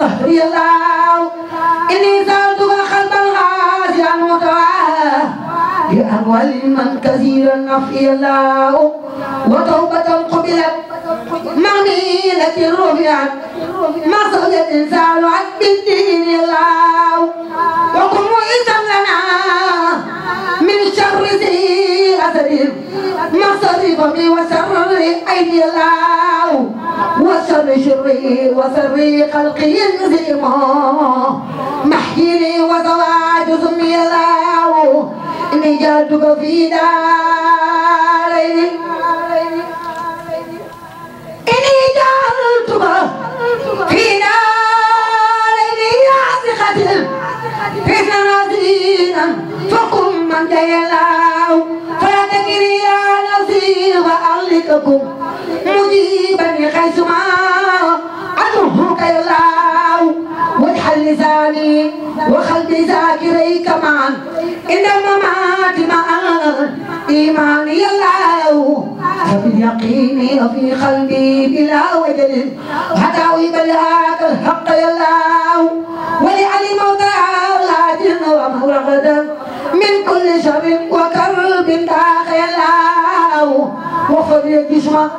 قهري الله إني سألتك خلقا خاسئا متوعا لأنوال من كثير نفي الله وتوبة قبلت مغنيلة رفعت مسجد الإنسان عن بالدين الله وكن مؤيسا لنا من شر ذي أثر مصرف لي وسر أيدي الله وسر شري وسر خلقي الزيما محيني وزواج سمي الله إني جلتك في داري إني جعلتك في داري يا ثقة في سرادينا فقم من جيلاه فلا تكريا وأغلقكم مجيبا حيث ما أترهك يا الله واجعل لساني وخلبي ذاكريك معا إن الممات مع إيماني يا الله فباليقين وفي قلبي بلا وجل حتى ويبلغك الحق يا الله ولعلي موتى الهاجر ومغرقدا من كل شر وكرب داخل الله وخذ يكشما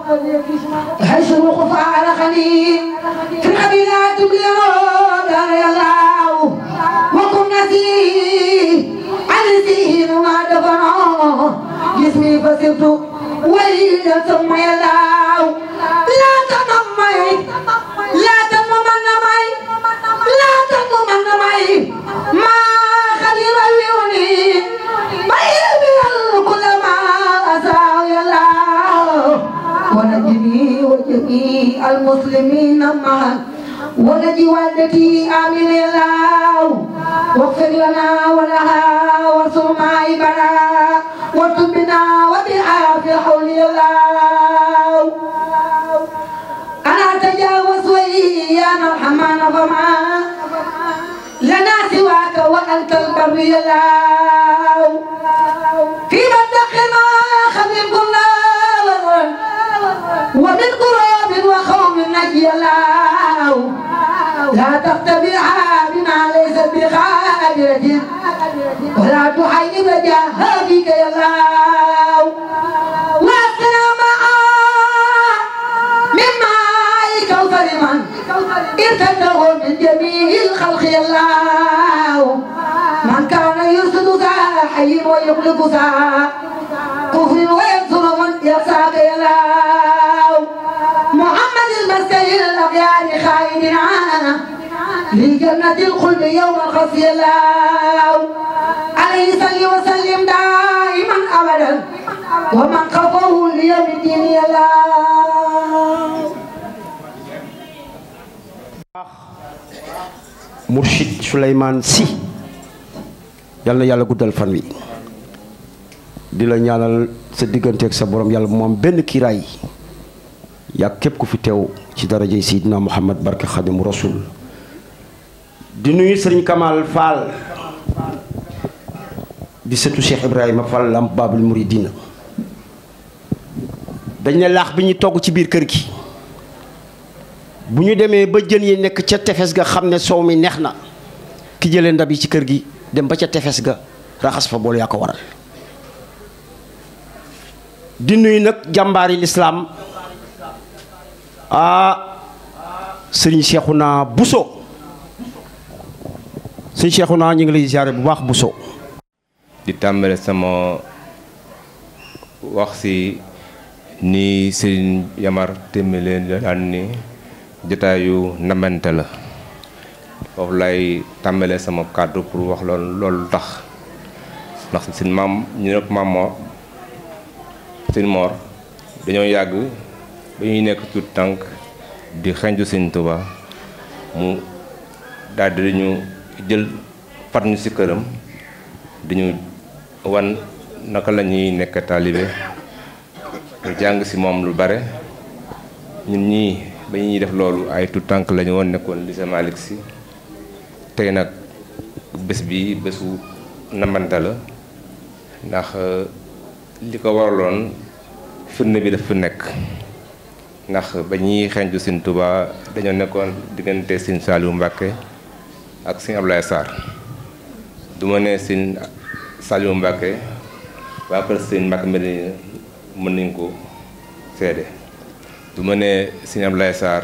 حيث الوقوف على خليل في الأبي لا تبلي دار الله وكن نسيه عن سيه ما دفنه جسمي فسرت وليدا ثم يلاو لا تنمي لا تنمي لا تنمي ما جميع المسلمين معا ولد والدتي آمين الله واغفر لنا ولها وارسل معيبنا وارتب بنا وبها في حول الله أنا أتجاوز وإيانا الحمان فما لنا سواك وأنت البر الله في مدخنا خذ القرآن ومن قرآن لا تقتبعها بما ليس بقادرة ولا تحيب جاها فيك يا الله واسقنا معا من ماء كوثر من ارتده من جميع الخلق يا الله من كان يرسل ذا حي ويغلق ذا كفر وينصر من يساق يا الله المسيل الأبيان خائن عانا لجنة الخلد yàlla guddal fan wi di la ñaanal sa diggante sa borom yàlla moom benn kiiraay yàgg képp ku fi teew ci darajay Seydina Muhammad barke Xadimu Rasul di nuyu sëriñ Kamal Fall di sëtu Cheikh Ibrahima Fall am Babul Muridina dañ ne laax bi ñu togg ci biir kër gi bu ñu demee ba jën yi nekk ca tefes ga xam ne soow mi neex na ki jële ndab yi ci kër gi dem ba ca tefes ga raxas fa bool yaa ko waral di nuyu nag jàmbaari lislaam ah sëriñ Cheikhouna Bousso sëriñ naa ñu ngi lay ziare bu baax Bousso. di tàmbale sama wax si ni sëriñ Yamar téeméer leen daan ni jotaayu namante la foofu lay tàmbale sama kàddu pour wax loolu loolu tax ndax seen maam ñu ne maam Mor seen Mor dañoo yàgg. ba ñuy nekk tout tànk di xenju sëñ Tuubaa mu daal dañu jël fat ñu si këram dañu wan naka la ñuy nekk taalibe ñu jàng si moom lu bare ñun ñii ba ñuy def loolu ay tout tànk lañu woon nekkoon lycée Malick Sy tey nag bés bi bésu namante la ndax euh, li ko waraloon firnde bi daf fi nekk ndax ba ñuy xencu Sëñ Tuubaa dañoo nekkoon diggante Sëñ Saliou Mbàkke ak Sëñ Abdoulaye Sarr du ma ne Sëñ Saliou Mbàkke waa kër seen Mbàkke Madina mën nañ ko seede du ma ne Sëñ Abdoulaye Sarr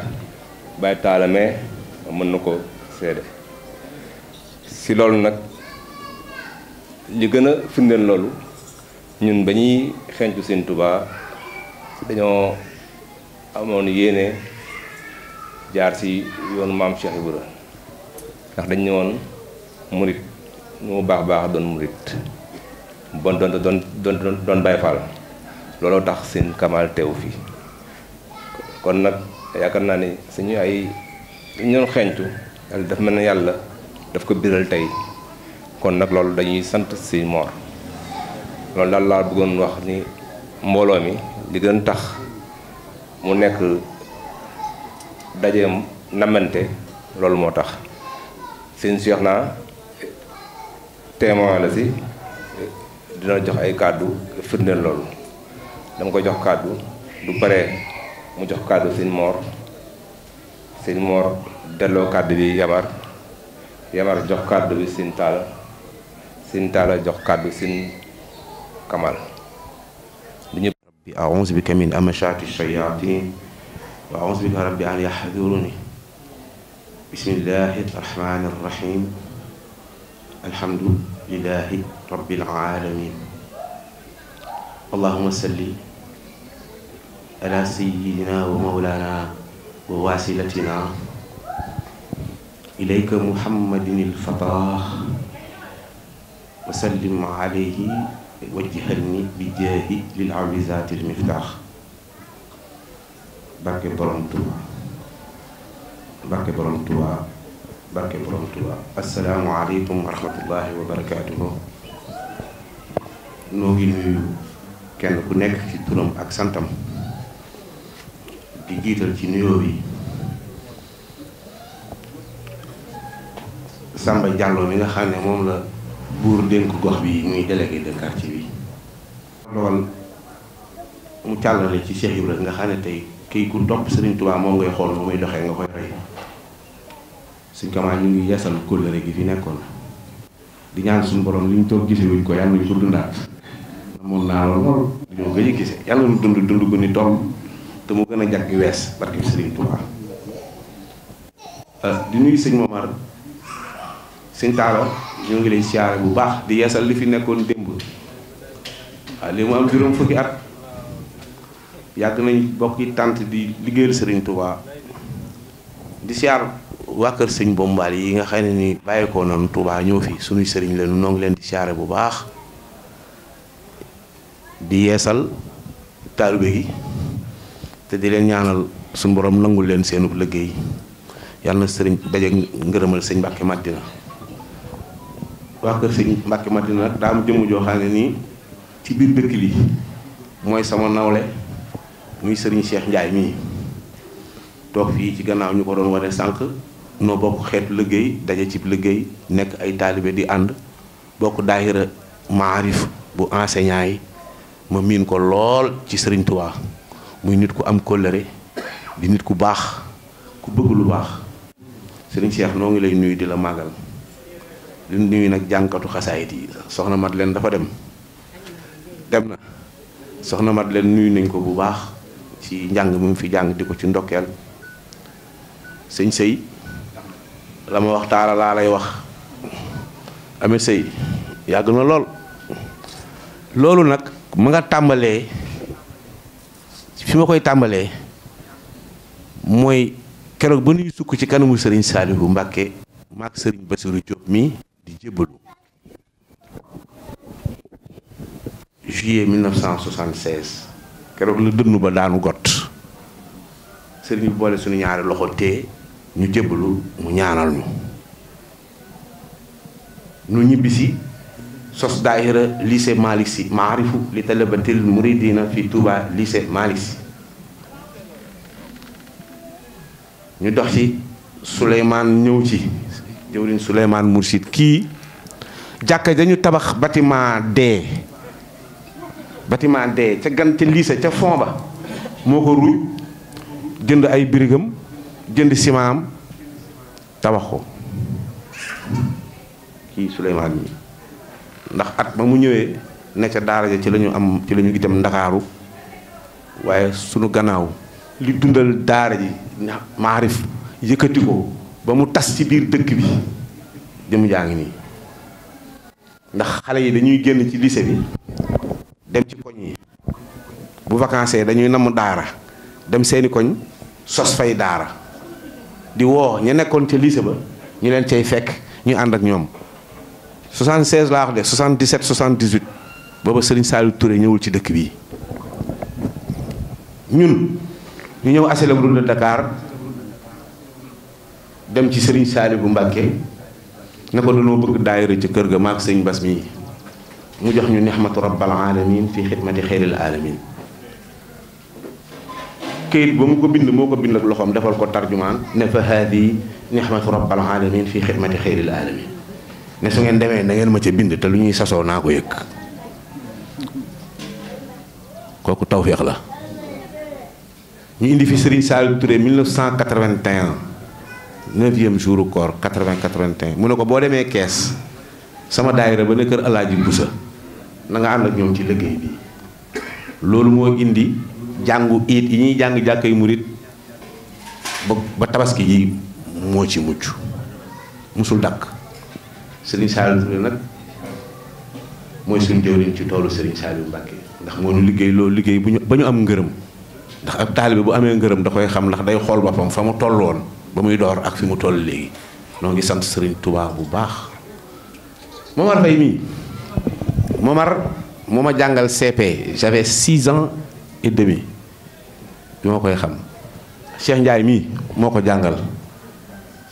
Baye Talla mais mën na ko seede si loolu nag li gën a firndeel loolu ñun ba ñuy xencu Sëñ Tuubaa dañoo amoon yéene jaar ci yoonu maam Cheikh Ibra ndax dañ ne woon murit nu mu baax baax doon murit bon doon doon doon doon Baay Faal looloo tax seen kamal teew fii kon nag yaakaar naa ni suñu ay ñu doon xeeñtu yàlla daf mel ne yàlla daf ko biral tey kon nag loolu dañuy sant si moor loolu daal laa bëggoon wax ni mbooloo mi li gën tax mu nekk daje namante loolu moo tax sëñ Cheikh naa témoin si dina jox ay kàddu firndeel loolu dama ko jox kàddu du pare mu jox kàddu sëñ Mor sëñ Mor delloo kàddu bi Yamar Yamar jox kàddu bi sëñ Talla sëñ Talla jox kàddu sëñ Kamal bi a'uuzu bika min amasaati shayaatiin wa a'uuzu bika rabbi an yahduruuni bismillaahi rahmaani rahiim alhamdulillaahi rabbil aalamiin allahumma salli ala sayyidina wa mawlaana wa waasilatina ilayka muhammadin al-fataah wa sallim alayhi wajjihanni bi jaahi lil awli zaatil miftaax barke borom Tuubaa barke borom Tuubaa barke borom Tuubaa assalaamu aleykum wa rahmatullaahi noo ngi nuyu kenn ku nekk ci turam ak santam di jiital ci nuyoo bi Samba Diallo mi nga xam ne moom la buur dénk gox bi muy délégué de quartier bi lool mu càllale ci Cheikh Ibrahima nga xam ne tey kii ku topp Serigne Touba moom ngay xool mu muy doxee nga koy roy suñ kamaa ñu ngi yeesal kóllëre gi fi nekkoon di ñaan suñu borom li toog gisee ko yàlla nañu ko dundaat moom naa lool dund dund gu ni toll mu gën a jag gi wees barke euh, di nuyu Momar sëñ Taala ñoo ngi lay siyaare bu baax di yeesal li fi nekkoon démb waaw li mu am juróom fukki at yàgg nañ bokk yi tànt di liggéeyal sëriñ Touba di siyaar waa kër sëñ Bombal yi nga xam ne ni bàyyeekoo noonu tubaa ñëw fi suñuy sëriñ leen noo ngi leen di siyaare bu baax di yeesal taalibe gi te di leen ñaanal suñ boroom nangu leen seenub liggéey yàlla na sëriñ daje ngërëmal sëñ Mbàkke Madina waa kër sëñ Mbàkke Madina nag daa jëmm joo nii ci biir dëkk bi mooy sama nawle muy sëriñ Cheikh Ndiaye mii toog fii ci gannaaw ñu ko doon wane sànq noo bokk xeet liggéey daje ci liggéey nekk ay taalibe di ànd bokk daayira maarif bu enseignant yi ma miin ko lool ci sëriñ Tuubaa muy nit ku am kóllëre di nit ku baax ku bëgg lu baax sëriñ Cheikh noo ngi lay nuyu di la màggal di nuyu nag jànkatu xasaayit yi soxna mat leen dafa dem dem na soxna mat leen nuyu nañ ko bu baax ci njàng mi mu fi jàng di ko ci ndokkeel sëñ sëy la ma wax laa lay wax amee sëy yàgg na lool loolu nag ma nga tàmbalee fi ma koy tàmbalee mooy keroog ba nuy sukk ci kanamu sëriñ Saalihu Mbàkke maak sëriñ Basiru Jóob mi di jébbalu juillet 1976 keroog la dënnu ba daanu got sëriñ bi boole suñu ñaari loxo te ñu jébbalu mu ñaanal ñu ñu ñibbisi sos daayira lycée Malick Sy maarifu li talabatil muridina fi Touba lycée Malick ñu dox ci Souleymane ñëw ci jëwriñ Souleymane Mourchid kii jàkka dañu tabax bâtiment D bâtiment D ca gan ca liise ca fond ba moo ko ruuj jënd ay birigam jënd ciment am tabax ko kii Souleymane mi ndax at ba mu ñëwee ne ca daara ja ci lañu am ci la ñu itam ndakaaru waaye sunu gannaaw li dundal daara ji maarif yëkkati ba mu tas ci biir dëkk bi jëm jaa ngi nii ndax xale yi dañuy génn ci lycée bi dem ci koñ yi bu vacances dañuy namm daara dem seeni koñ sos fay daara di woo ñu nekkoon ca lycée ba ñu leen cay fekk ñu ànd ak ñoom 76 laa wax de 77 78 booba Serigne Saliou Touré ñëwul ci dëkk bi ñun ñu ñëw asile bu dul Dakar. dem ci sëriñ Saalibu Mbàkke ne ko dañoo bëgg daayira ci kër ga maak sëñ Bas mii mu jox ñu nixmatu rabbal alamin fi xidmati xeyril alamin këyit ba mu ko bind moo ko bind ak loxoom defal ko tarjumaan ne fa haadi nixmatu rabbal alamin fi xidmati xeyril alamin ne su ngeen demee na ngeen ma ci bind te lu ñuy sasoo naa ko yëg kooku tawféex la ñu indi fi sëriñ Saliou Touré 1981 neuvième jour koor 80 81 mu ne ko boo demee kees sama daayira ba ne kër alaaji Mbusa na nga ànd ak ñoom ci liggéey bi loolu moo indi jàngu iit yi ñuy jàng jàkkay murit ba ba tabaski yi moo ci mucc musul dakk Serigne Saliou nag mooy suñu jëwriñ ci toolu Serigne Saliou Mbacke ndax moo ñu liggéey loolu liggéey bu ñu ba ñu am ngërëm ndax ab taalibe bu amee ngërëm da koy xam ndax day xool boppam fa mu toll woon ba muy door ak fi mu toll léegi noo ngi sant Serigne Touba bu baax Momar Faye mii Momar moo ma jàngal CP j'avais six ans et demi bi ma koy xam Cheikh Ndiaye mii moo ko jàngal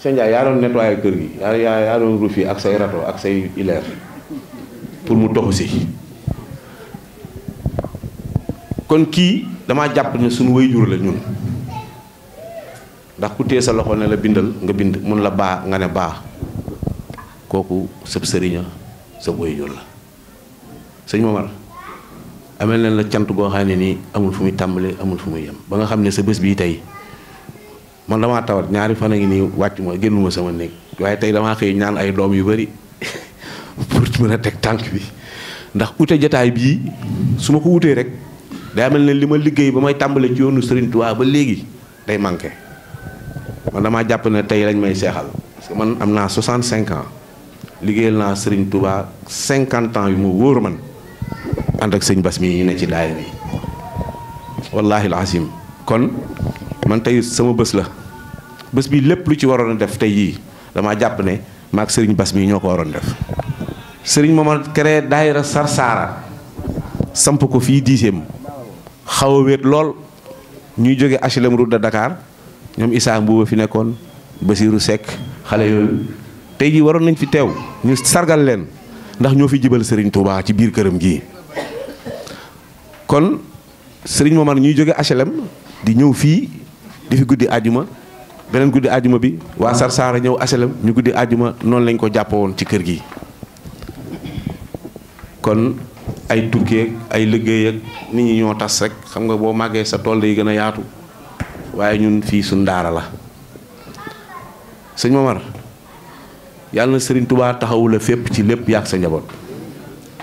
Cheikh Ndiaye yaa doon nettoyé kër gi yaa yaa doon rufi ak say rato ak say ileer pour mu toxu si kon kii dama jàpp ne suñu way jur la ñun ndax ku téye sa loxo ne la bindal nga bind mun la baa nga ne baa kooku sëb sëriña sa wayjur la sëñ Momar amel nañ la cant goo xam ne nii amul fu muy tàmbalee amul fu muy yem ba nga xam ne sa bés bii tey man damaa tawat ñaari fan a ngi nii wàcc ma génnuma sama néeg waaye tey damaa xëy ñaan ay doom yu bari pour mën a teg tànk bi ndax ute jataay bii su ma ko wutee rek day mel ne li ma liggéey ba may tàmbale ci yoonu Serigne Touba ba léegi day manqué man damaa jàpp ne tey lañ may seexal parce man am naa 65 ans liggéeyal naa Serigne Touba cinquante ans yu mu wóor man ànd ak sëñ Bass mii ñu ne ci daayira bi wallaahi alazim kon man tey sama bës la bés bi lépp lu ci waroon a def tey yii damaa jàpp ne maag Serigne Bass mi ñoo ko waroon def Serigne moom a créé daayira Sarsara samp ko fii dixième xaw a wéet lool ñuy jóge HLM route de dakaar ñoom Issa Mbuuba fi nekkoon Basiiru Seck xale yooyu tey jii waroon nañ fi teew ñu sargal leen ndax ñoo fi jibal sëriñ Touba ci biir këram gi kon Serigne Momar ñuy jóge aselem di ñëw fii di fi guddi ajuma beneen guddi ajuma bi waa Sarsara ñëw HLM ñu guddi ajuma noonu lañ ko jàpp woon ci kër gi kon ay tukki ay liggéey ak nit ñi ñoo tas rek xam nga boo màggee sa tool day gën a yaatu. waaye ñun fii suñ daara la sëñ Mamar yàlla na sëriñ Touba taxawu la fépp ci lépp yàgg sa njaboot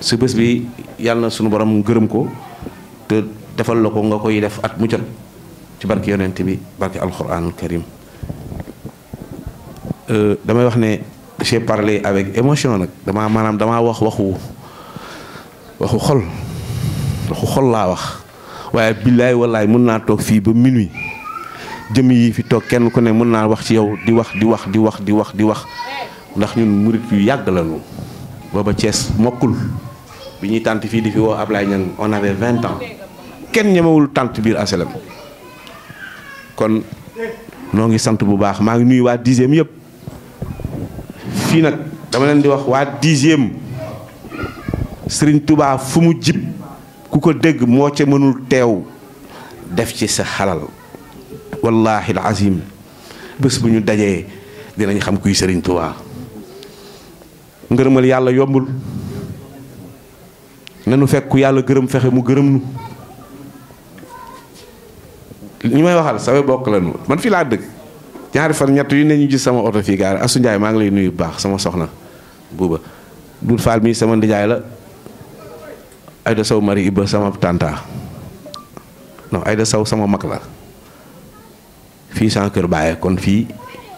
su bés bi yàlla na suñu borom gërëm ko te defal la ko nga koy def at mu jot ci barke yonent bi barke alquranul karim euh, damay wax ne j'ai parlé avec émotion nag damaa maanaam damaa wax waxu waxu xol waxu xol laa wax waaye billaay wallaay mën naa toog fii ba minuit jëmm yi fi toog kenn ku ne mën naa wax ci yow di wax di wax di wax di wax di wax ndax ñun murit yu yàgg lañu booba cees mokkul bi ñuy tànt fii di fi woo Ablaye Niang on avait vingt ans kenn ñemewul tànt biir aselem kon noo ngi sant bu baax maa ngi nuyu waa dixième yëpp fii nag dama leen di wax waa dixième sëriñ Touba fu mu jib ku ko dégg moo ca mënul teew def ci sa xalal wallaahi alazim bés bu ñu dajee dinañ xam kuy sëriñ Tuubaa ngërëmal yàlla yombul nanu fekk ku yàlla gërëm fexe mu gërëm nu ñi may waxal sama bokk la nu man fii laa dëkk ñaari fan ñett yu ne ñu gis sama oto fii gaar Asu Njaay maa ngi lay nuyu bu baax sama soxna buuba dul faal mii sama ndijaay la Ayda saw Mari Ibba sama tànta non Ayda Sow sama mag la fii sama kër bàyyi kon fii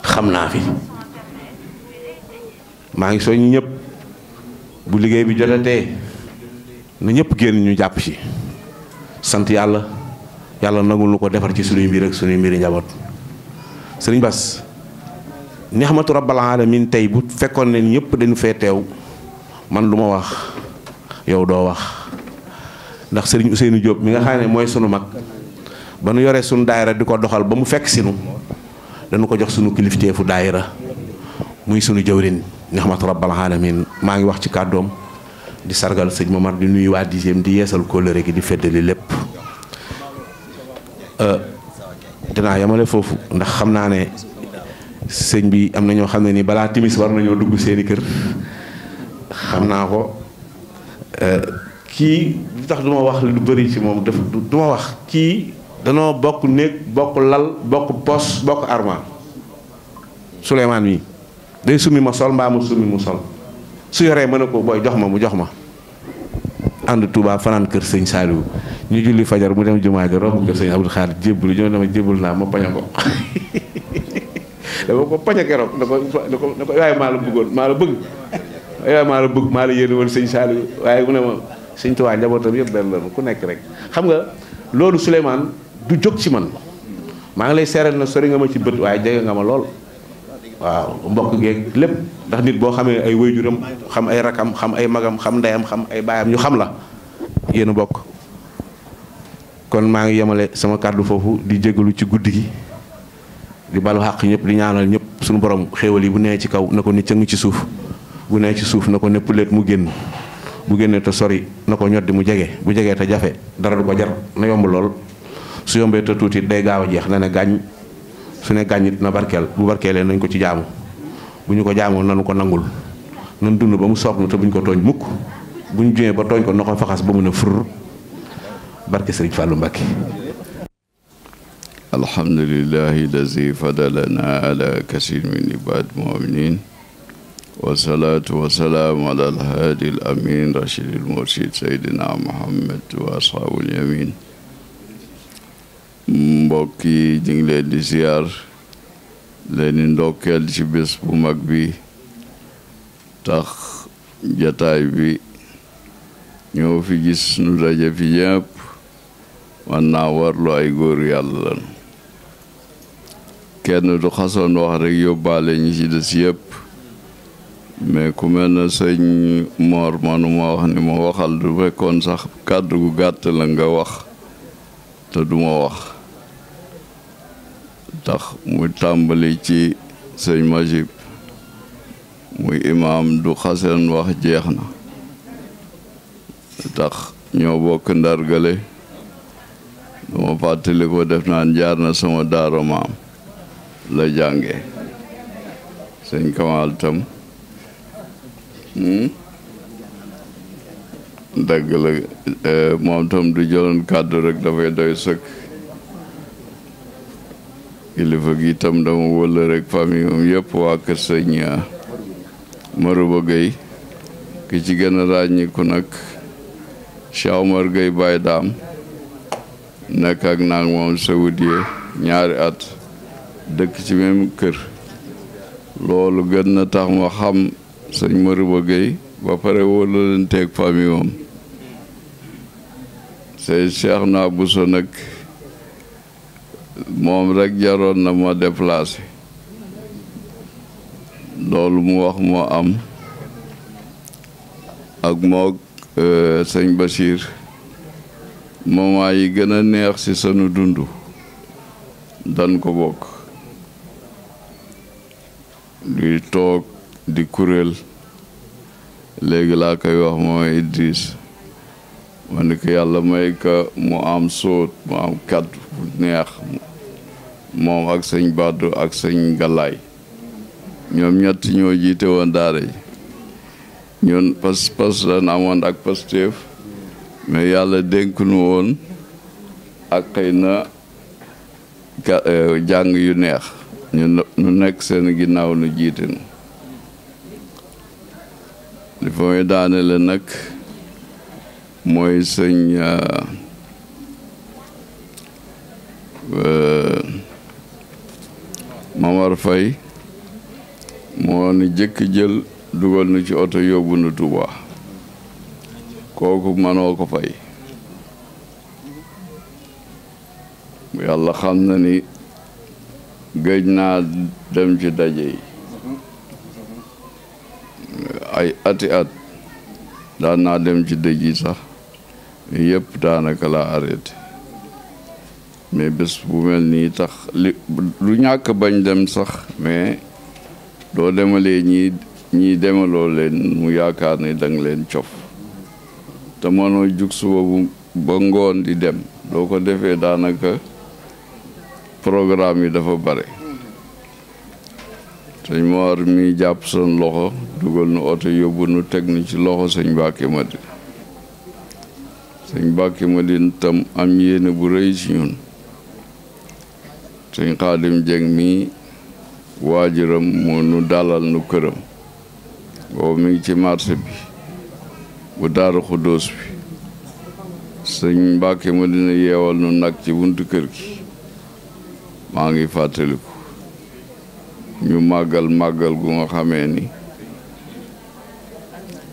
xam naa fi maa ngi soññ ñëpp bu liggéey bi jotatee na ñëpp génn ñu jàpp ci sant yàlla yàlla nangul lu ko defar ci suñuy mbir ak suñuy mbiri njaboot sëriñ Bas nixmatu rabbal alamin tey bu fekkoon ne ñëpp dañu fee teew man lu ma wax yow doo wax ndax sëriñ Ousseynou Diop mi nga xam ne mooy sunu mag ba nu yoree sunu daayira di ko doxal ba mu fekk sinu dañu ko jox sunu kilifteefu daayira muy sunu jëwrin nixmatu rabbal alamin maa ngi wax ci kàddoom di sargal sëñ Momar di nuyu waa dixième di yeesal kóllëre gi di feddali lépp euh, dinaa yamale foofu ndax xam naa ne sëñ bi am na ñoo xam ne nii balaa timis war nañoo dugg seeni kër xam naa ko euh, kii li tax duma wax lu bari ci moom daf duma wax kii danoo bokk néeg bokk lal bokk pos bokk armoire Souleymane mii day summi ma sol mbaa mu summi mu sol su yoree mën na ko booy jox ma mu jox ma ànd Touba fanaan kër sëñ Saliou ñu julli fajar mu dem jumaa ja romb kër sëñ Abdou naa ma paña ko dama ko paña la bëggoon maa la bëgg waaye maa sëñ Saliou waaye ne ma sëñ Touba njabootam yëpp benn la ku nekk rek xam nga loolu Souleymane du jóg ci man maa ngi lay seeral na sori nga ma ci bët waaye jege nga ma lool waaw mbokk geeg lépp ndax nit boo xamee ay wayjuram xam ay rakam xam ay magam xam ndeyam xam ay baayam ñu xam la yéen a kon maa ngi yemale sama kàddu foofu di jégalu ci guddi gi di balu xàq ñëpp di ñaanal ñëpp suñu borom xéewal yi bu nee ci kaw na ko ni cëng ci suuf bu nee ci suuf na ko nepp leet mu génn bu génnee te sori na ko ñoddi mu jege bu jegee te jafe dara du ko jar na yomb lool su yombee te tuuti day gaaw a jeex na ne gàññ su ne gàññ dina barkeel bu barkeelee nañ ko ci jaamu bu ñu ko jaamoo nanu ko nangul nan dund ba mu soog na te buñ ko tooñ mukk bu ñu jumee ba tooñ ko na ko faxas ba mun a fur barke sëriñ Fàllu Mbàkke alhamdulillahi lazi fadalana ala kasir min ibad muminin wasalaatu wasalaamu ala alhaadi alamin rashidil mursid saydina muhammad wa ashaabul yamin mbokk yi ñu ngi leen di ziar leen di ndokkeel ci bés bu mag bi tax jataay bi ñoo fi gis nu daje fi yépp man naa warlu ay góor yàlla lan kenn du xasoon wax rek yóbbaale ñi ci des yépp mais ku mel na sëñ moor manuma wax ni ma waxal du fekkoon sax kàddu gu gàtt la nga wax te duma wax tax mu tàmbali ci sëñ Majib muy imaam du xasan wax jeex na tax ñoo bokk ndargale dama fàttali def naan jaar na sama daaro maam la jànge sëñ Kamal tam hmm? dëgg la eh, moom tam du jëloon kàddu rek dafay doy sëkk kilifa gi itam dama wëla rek famille moom yëpp waa kër sëñ Marouba Gueye ki ci gën ràññiku nag Cheikh Omar Gueye Baye Daam nekk ak naag moom Saoudier ñaari at dëkk ci même kër loolu gën na tax ma xam sëñ Marouba Gueye ba pare wóolalanteeg famille moom sëñ naa Bousso nag moom rekk jaroon na ma déplacé loolu mu wax moo am ak moog euh, sëñ Bachir moment yi gën a neex ci sënu dund dan ko bokk luy toog di kuréel léegi laa koy wax mooy Idriss ma ko yàlla may ka mu am sóot mu am kàddu bu neex moom ak sëñ Badou ak sëñ Galaay ñoom ñett ñoo jiite woon daara yi ñun pas pas lan amoon ak pastéef mais yàlla dénk nu woon ak xëy na euh, jàng yu neex ñu nu nekk seen ginnaaw nu jiite nu li fa may daane la nag mooy sëñ euh, euh, Mamar Fay moo nu jëkk jël dugal nu ci oto yóbbu nu Tuuba kooku manoo ko fay yàlla xam na ni gëj naa dem ci daje yi ay ati at daan naa dem ci dëj yi sax yëpp daanaka laa arrêté mais bés bu mel nii tax li lu ñàkk bañ dem sax mais doo demalee ñii ñii demaloo leen mu yaakaar ni danga leen cof te mënoo jug suba bu ba ngoon di dem doo ko defee daanaka programme yi dafa bare sëñ Mor mi jàpp seen loxo dugal nu oto yóbbu nu teg nu ci loxo sëñ Mbàkke Madina sëñ Mbàkke Madina tam am yéene bu rëy ci ñun sëñ Xaadim Jeng mi waajuram moo nu dalal nu këram boobu mi ci marché bi bu Daaru Xuddoos bi sëñ Mbàkke Madina yeewal nu nag ci buntu kër gi maa ngi fàttaliku ñu màggal màggal gu nga xamee ni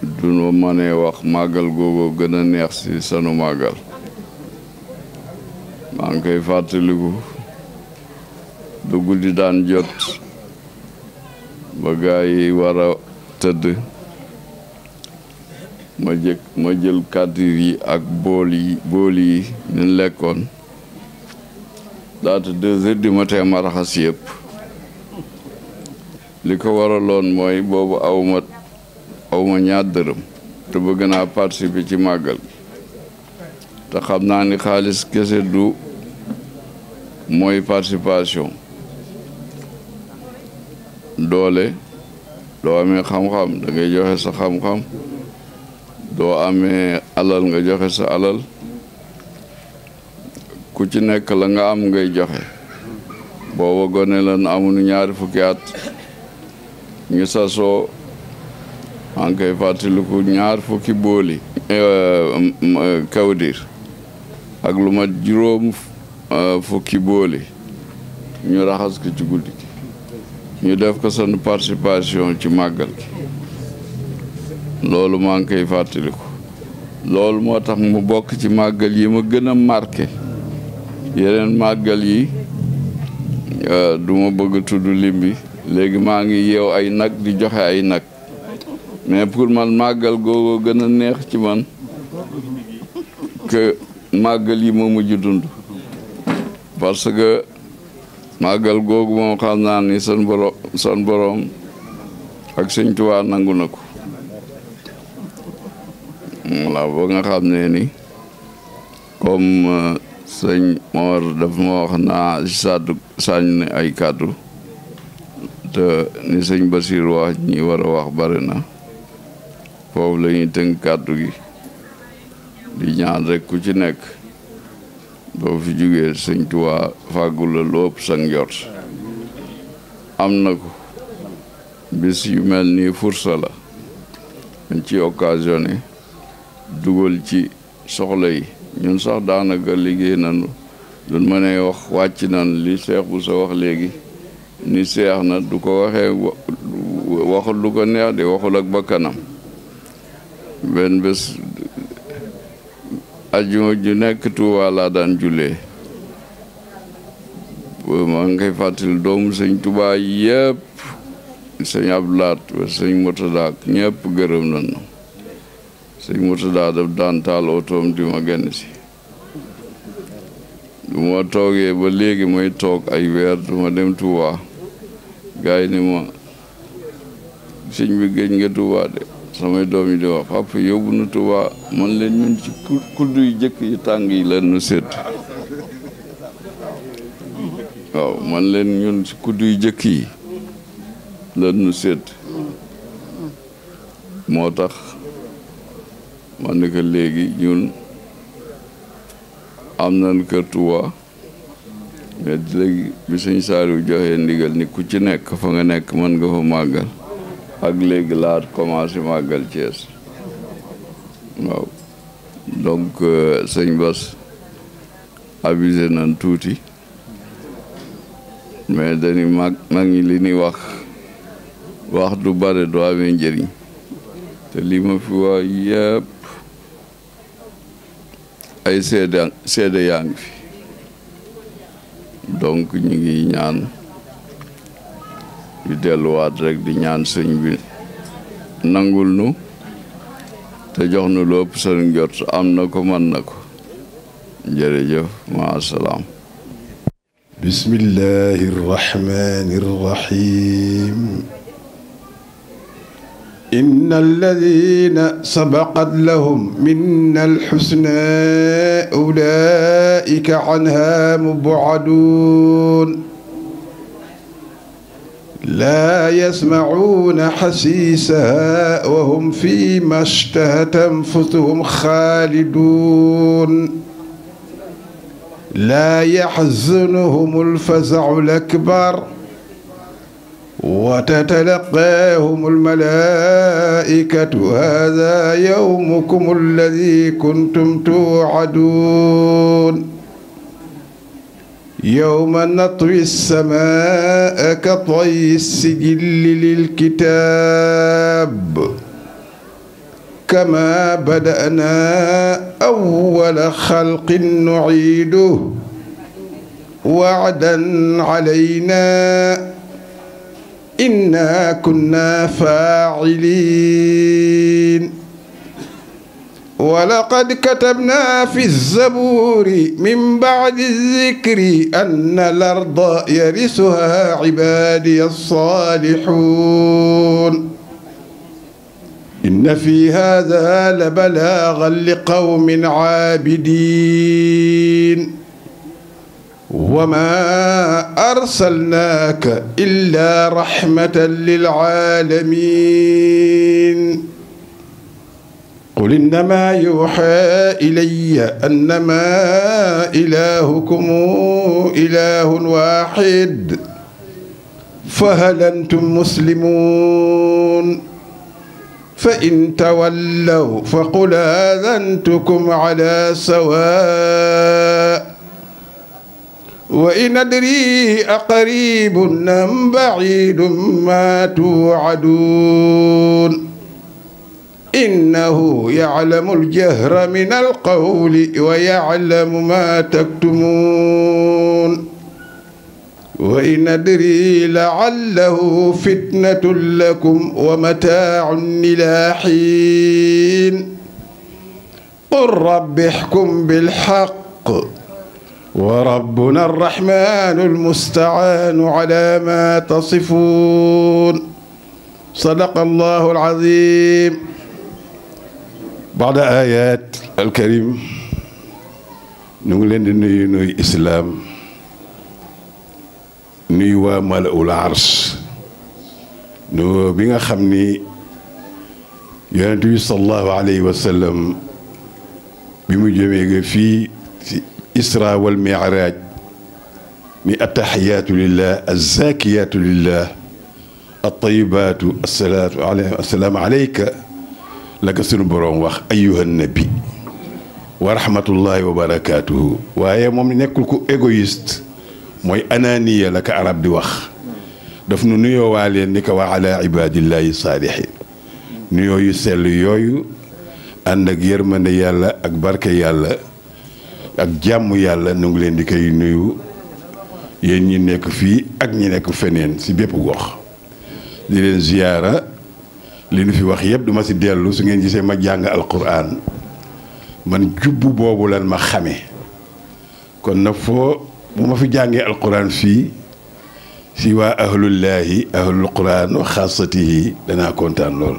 duñu mënee wax màggal googu gën a neex si sanu màggal maa ngi koy fàttaliku du guddi daan jot ba gaa yi war a tëdd ma jëkk ma jël kàddir yi ak bool yi bool yi ñu lekkoon daata deux heures du matin ma raxas yépp li ko waraloon mooy boobu awma aw ma ñaar dërëm te bëgg naa participer ci màggal te xam naa ni xaalis kese du mooy participation doole doo amee xam-xam da joxe sa xam-xam doo amee alal nga joxe sa alal ku ci nekk la nga am ngay joxe booba gone lan amuñu ñaari fukki at ñu sasoo maa ngi koy fàttaliku ñaar fukki booli euh, euh, kawdir ak lu ma juróom euh, fukki booli ñu raxas ko ci guddi gi ñu def ko seen participation ci màggal gi loolu maa ngi fàttaliku loolu moo tax mu bokk ci màggal yi ma gën a marqué yeneen màggal yi du ma bëgg tudd lim bi léegi maa ngi yeew ay nag di joxe ay nag mais pour man màggal googu gën a neex ci man que màggal yi ma mujj dund parce que màggal googu moom xam naa ni seen borom seen borom ak sëñ Tuubaa nangu na ko voilà ba nga xam ne ni comme euh, sëñ Mor daf ma wax naa sàddu sànni ay kàddu te ni sëñ Basiir wax ñi war a wax bari na foofu la ñuy kàddu gi di ñaan rek ku ci nekk boo fi jógee sëñ Tuubaa fàggul la lu ëpp sa am na ko bis yu mel nii fursa la dañ ci occasionné dugal ci soxla yi ñun sax daanaka liggéey nañu luñ mënee wax wàcc na li Seex Buso wax léegi ni seex na du ko waxee waxul lu ko neex di waxul ak bakkanam benn bés ajuma ju nekk Tuuba laa daan jule maa ngi koy fàttali doomu sëñ Tuuba yëpp sëñ Abdulaat ba sëñ Murtada ñëpp gërëm nañu sëñ Murtada daf daan taal otoom di ma genn si du ma toogee ba léegi may toog ay weer du ma dem Tuuba gars ni ma sëñ bi gëj nga Tuuba de samay doom yi di wax yóbbu nu Tuubaa man leen ñun ci kuddu yu jëkk yu tàng yi leen nu seet waaw man leen ñun ci kudd yu jëkk yi leen nu seet moo tax man ne ko léegi ñun am nañ kër Tuubaa mais léegi bi sëñ Saaliw joxee ndigal ni ku ci nekk fa nga nekk mën nga fa màggal ak léegi laat commencé màggal Thiès waaw donc euh, sëñ Bass abusé nañ tuuti mais dañu mag mag ñi li ñuy wax wax du bare du amee njëriñ te li ma fi wax yëpp ay seede seede yaa ngi fi donc ñu ngi ñaan di delluwaat rek di ñaan sëñ bi nangul nu te jox nu lu ëpp seen am na ko mën na ko jërëjëf maa salaam bismillahi rrahmani rrahim إن الذين سبقت لهم منا الحسنى أولئك عنها مبعدون لا يسمعون حسيسها وهم فيما اشتهت انفسهم خالدون لا يحزنهم الفزع الاكبر وتتلقاهم الملائكه هذا يومكم الذي كنتم توعدون يوم نطوي السماء كطي السجل للكتاب كما بدأنا أول خلق نعيده وعدا علينا إنا كنا فاعلين ولقد كتبنا في الزبور من بعد الذكر أن الأرض يرثها عبادي الصالحون إن في هذا لبلاغا لقوم عابدين وما أرسلناك إلا رحمة للعالمين قل إنما يوحى إلي أنما إلهكم إله واحد فهل أنتم مسلمون فإن تولوا فقل آذنتكم على سواء وإن أدري أقريب أم بعيد ما توعدون إنه يعلم الجهر من القول ويعلم ما تكتمون وإن أدري لعله فتنة لكم ومتاع إلى حين قل رب احكم بالحق وربنا الرحمن المستعان على ما تصفون صدق الله العظيم baada ayat alkarim ñu ngi leen di nuyu nuyu islaam nuyu waa malaul ars nu bi nga xam ni yonent bi salallahu alayhi wa sallam bi mu jëmee nga fii ci isra wal miraaj mi attaxiyaatu lillah azzakiyaatu lillah attayibaatu assalaatu alayhi assalaamu alayka la ko sunu boroom wax ayyuhan nabi wa rahmatullahi wa barakaatuhu waaye moom nekkul ku égoïste mooy ananiya la arab di wax daf nu nuyoo leen ni ko wa ala ibadillahi saalihin nuyoo yu sell yooyu ànd ak yërmande yàlla ak barke yàlla ak jàmm yàlla nu ngi leen di koy nuyu yéen ñi nekk fii ak ñi nekk feneen ci bépp gox di leen ziyaara li nu fi wax yépp duma ci dellu su ngeen gisee ma jàng alquran man jubbu boobu leen ma xamee kon na foo bu ma fi jàngee alquran fii si waa ahlullaahi ahlul quran wa xaasatihi danaa kontaan lool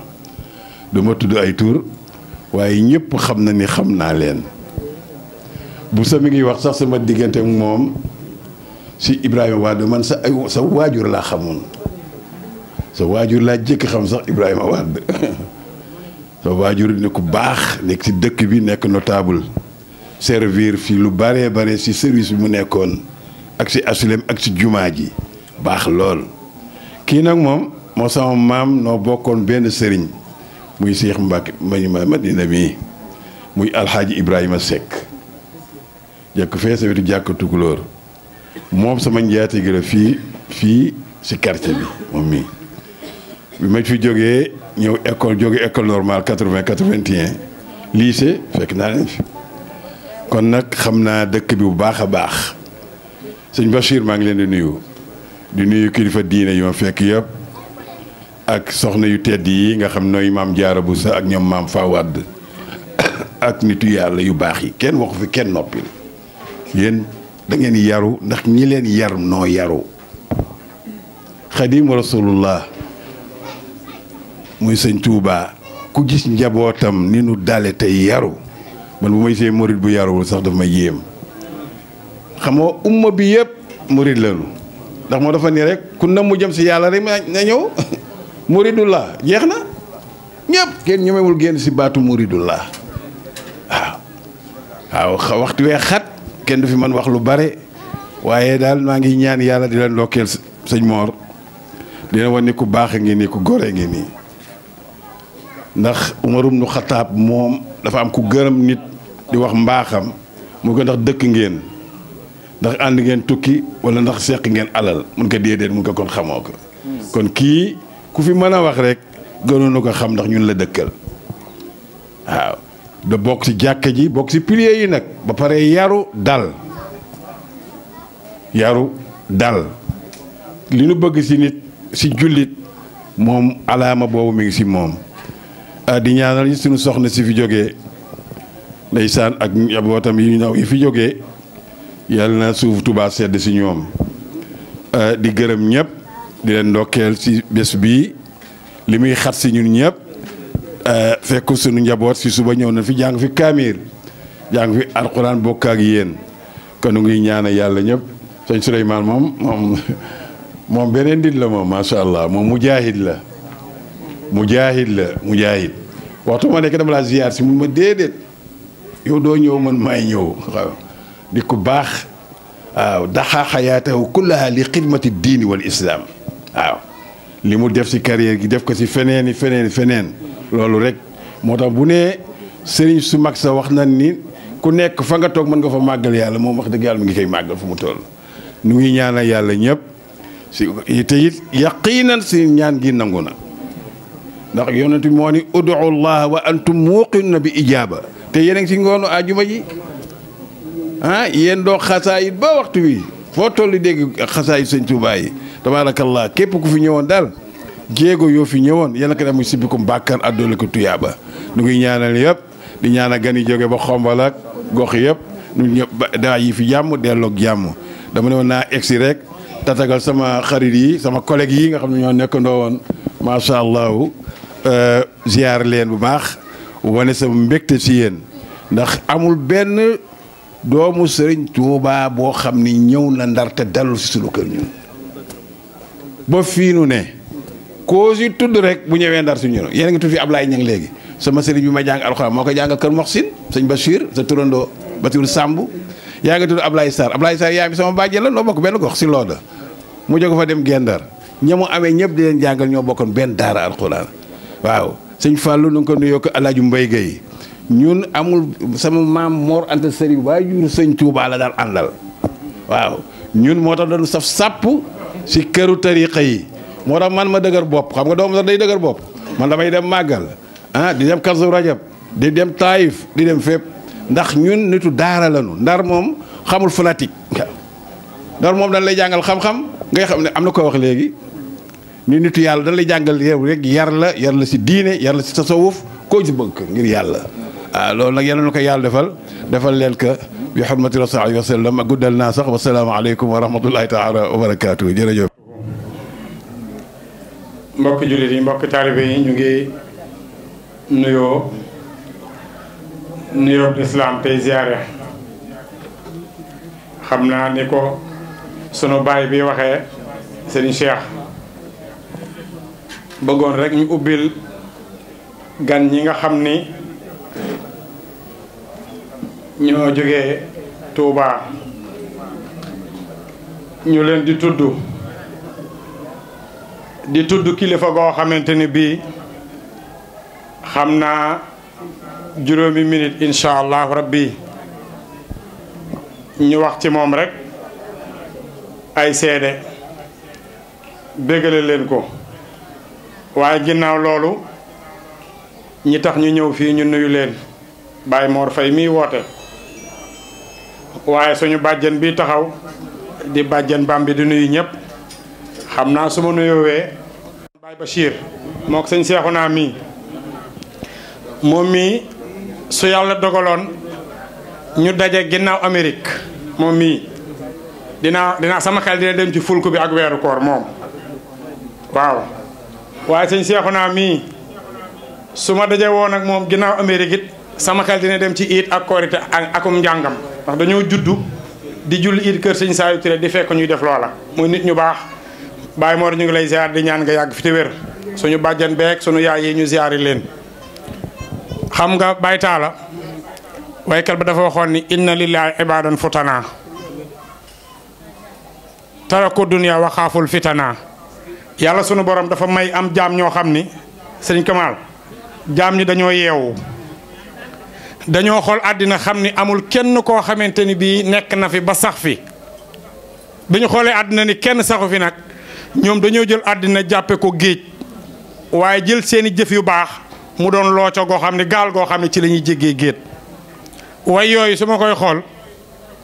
du ma tudd ay tur waaye ñépp xam na ni xam naa leen bu sa mi ngi wax sax sama diggante moom si Ibrahima Wade man sa ay sa waajur laa xamoon sa waajur laa jëkk xam sax Ibrahima Wade sa waajur ne ku baax nekk ci dëkk bi nekk notable servir fi lu baree bare ci service bi mu nekkoon ak ci asilem ak ci jumaa ji baax lool kii nag moom moo sama maam noo bokkoon benn sëriñ muy Seex Mbàkke ma Madina mii muy alxaaji Ibrahima Seck jëkk fee sa wetu jàkk Tukulóor moom sama njaatige la fii fii ci quartier bi moom mii bi ma fi jógee ñëw école jóge école normale 80 81 lycée fekk naa leen fi kon nag xam naa dëkk bi bu baax a baax sëñ Bachir maa ngi leen di nuyu di nuyu kilifa diine yi ma fekk yëpp ak soxna yu tedd yi nga xam nooy maam Jaara Buso ak ñoom maam Fawad ak nitu yàlla yu baax yi kenn waxu fi kenn noppi yéen da ngeen yaru ndax ñi leen yar noo yaru xadimu rasulullah muy sëñ Touba ku gis njabootam ni nu dale yaru man bu may see murit bu yaruwul sax daf may yéem xam nga umma bi yépp murit lañu ndax moo dafa ni rek ku nam mu jëm si yàlla rek na ñëw muridullah jeex na ñëpp kenn ñemewul génn si baatu muridullah waaw waaw waxtu wee xat kenn du fi man wax lu bare waaye daal maa ngi ñaan yàlla di leen ndokkeel sëñ Mor dina wan ni ku baax a ngi nii ku gore a ngi nii ndax Umar ibnu Xataab moom dafa am ku gërëm nit di wax mbaaxam mu ko ndax dëkk ngeen ndax ànd ngeen tukki wala ndax seq ngeen alal mun ko déedéet mun ko kon xamoo ko kon kii ku fi mën a wax rek gënoon ko xam ndax ñun la dëkkal waaw da bokk ci jàkka ji bokk ci piliers yi nag ba pare yaru dal yaru dal li nu bëgg ci nit ci jullit moom alaama boobu mi ngi ci moom Ah, di ñaanal ñu suñu soxna si fi jógee ndeysaan ak njabootam yu ñëw yi fi jógee yàlla na suuf tubaa sedd si ñoom ah, di gërëm ñëpp di leen ndokkeel si bés bii li muy xat si ñun ñëpp ah, fekk sunu njaboot si suba ñëw na fi jàng fi kaamir jàng fi alxuraan bokk ak yéen kon nu ngi ñaanal yàlla ñëpp sëñ Souleymane moom moom beneen dit moom macha allah moom mujaahid la mujaahid la mujaahid waxtu ma nekk dama laa ziar si mu ma déedéet yow doo ñëw man maay ñëw di ko baax waaw daxaa xayaatahu kullaha li xidmati diini wal islaam waaw li mu def si carrière gi def ko ci feneen i feneen loolu rek moo tax bu nee sëriñ su mag sa wax na ni ku nekk fa nga toog mën nga fa màggal yàlla moom wax dëgg yàlla mu ngi koy màggal fu mu toll nu ngi ñaanal yàlla ñëpp si te it yaqiinan si ñaan gi nangu na ndax yonent bi moo ni udu wa antum muuqinuna bi ijaaba te yéen si ngoonu ajuma ji ah yéen doo xasaayit ba waxtu wi foo tolli dégg xasaayit sëñ Tuubaa yi tabaarakallah képp ku fi ñëwoon daal jéego yoo fi ñëwoon yal na ko def mu sibbi ko bàkkaar àddoole ko tuyaaba nu ngi ñaanal yëpp di ñaanal gan yi jóge ba xombal gox yëpp nu ñëpp daa yi fi jàmm delloog jàmm dama ne woon naa egsi rek tatagal sama xarit yi sama collègue yi nga xam ne ñoo nekkandoo woon macha allah Euh, ziar leen bu baax wane sa mbégte si yéen ndax amul benn doomu sëriñ Tuuba boo xam ni ñëw na ndar te dalul si sunu kër ñun ba fii ne koo si tudd rek bu ñëwee ndar su yéen a ngi tudd fi Ablaye Niang léegi sama sëriñ bi ma jàng alxuraan moo ko jàngal kër Moxsin sëñ Bachir sa turandoo Bachir Samb yaa ngi tudd Ablaye Sarr Ablaye Sarr yaa mi sama bàjjen la noo bokk benn gox si loola mu jóge fa dem Gendar ña mu amee ñëpp di leen jàngal ñoo bokkoon benn daara waaw sëñ Fallou nu ko nuyoo ko El Hadj Mbaye Guèye ñun amul sama maam Mor Anta Sëri waajur sëñ Touba la daan àndal waaw ñun moo tax dañu saf sàpp si këru tariqa yi moo tax man ma dëgër bopp xam nga doomu sax day dëgër bopp man damay dem màggal ah di dem Kazu Rajab di dem Taïf di dem fépp ndax ñun nitu daara lañu ndar moom xamul fanatique ndar moom dañ lay jàngal xam-xam ngay xam ne am na ko wax léegi. ni nitu yàlla da lay jàngal yow rek yar la yar si diine yar si tasawuf koo ci bëgg ngir yàlla ah loolu nag yeneen ko yàlla defal defal leen ko bi xurmati rasul alayhi wa sallam guddal naa sax wasalaamaaleykum wa rahmatullahi taala wa barakaatu jërëjëf yi mbokki ñu ngi nuyoo nuyoo lislaam tey ziyaare xam naa ni ko sunu baay bi waxee sëriñ Cheikh bëggoon rek ñu ubbil gan ñi nga xam ni ñoo jógee Touba ñu leen di tudd di tudd kilifa goo xamante ni bii xam naa juróomi minute incha allah rabbi ñu wax ci moom rek ay seede bégale leen ko waaye ginnaaw loolu ñi tax ñu ñëw fii ñu nuyu leen Baye Mor Faye mii woote waaye suñu bàjjen bi taxaw di bàjjen Bambi di nuyu ñëpp xam naa su ma nuyoowee Baye Bachir moo ko sëñ naa mii moom mii su yàlla dogaloon ñu daje ginnaaw Amérique moom mii dinaa dinaa sama xel dina dem ci fulku bi ak weeru koor moom waaw waaye sëñ Seexuna mii su ma daje woon ak moom ginnaaw Amérique it sama xel dina dem ci iit ak korite akum njàngam ndax dañoo juddu di julli iit kër sëñ Saliou Touré di fekk ñuy def loola muy nit ñu baax Baye Mor ñu ngi lay ziar di ñaan nga yàgg fi te wér suñu bàjjan beeg suñu yaay yi ñu ziari leen xam nga Baye Talla waykat ba dafa waxoon ni inna lillahi ibadan futana taraku dunya waxaaful fitana yàlla sunu borom dafa may am jaam ñoo xam ni sëriñ Kamal jaam ñi dañoo yeewu dañoo xool àddina xam ni amul kenn koo xamante ni bii nekk na fi ba sax fi bi xoolee àddina ni kenn saxu fi nag ñoom dañoo jël àddina jàppe ko géej waaye jël seeni jëf yu baax mu doon looco goo xam ne gaal goo xam ne ci lañuy ñuy jéggee géej yooyu su ma koy xool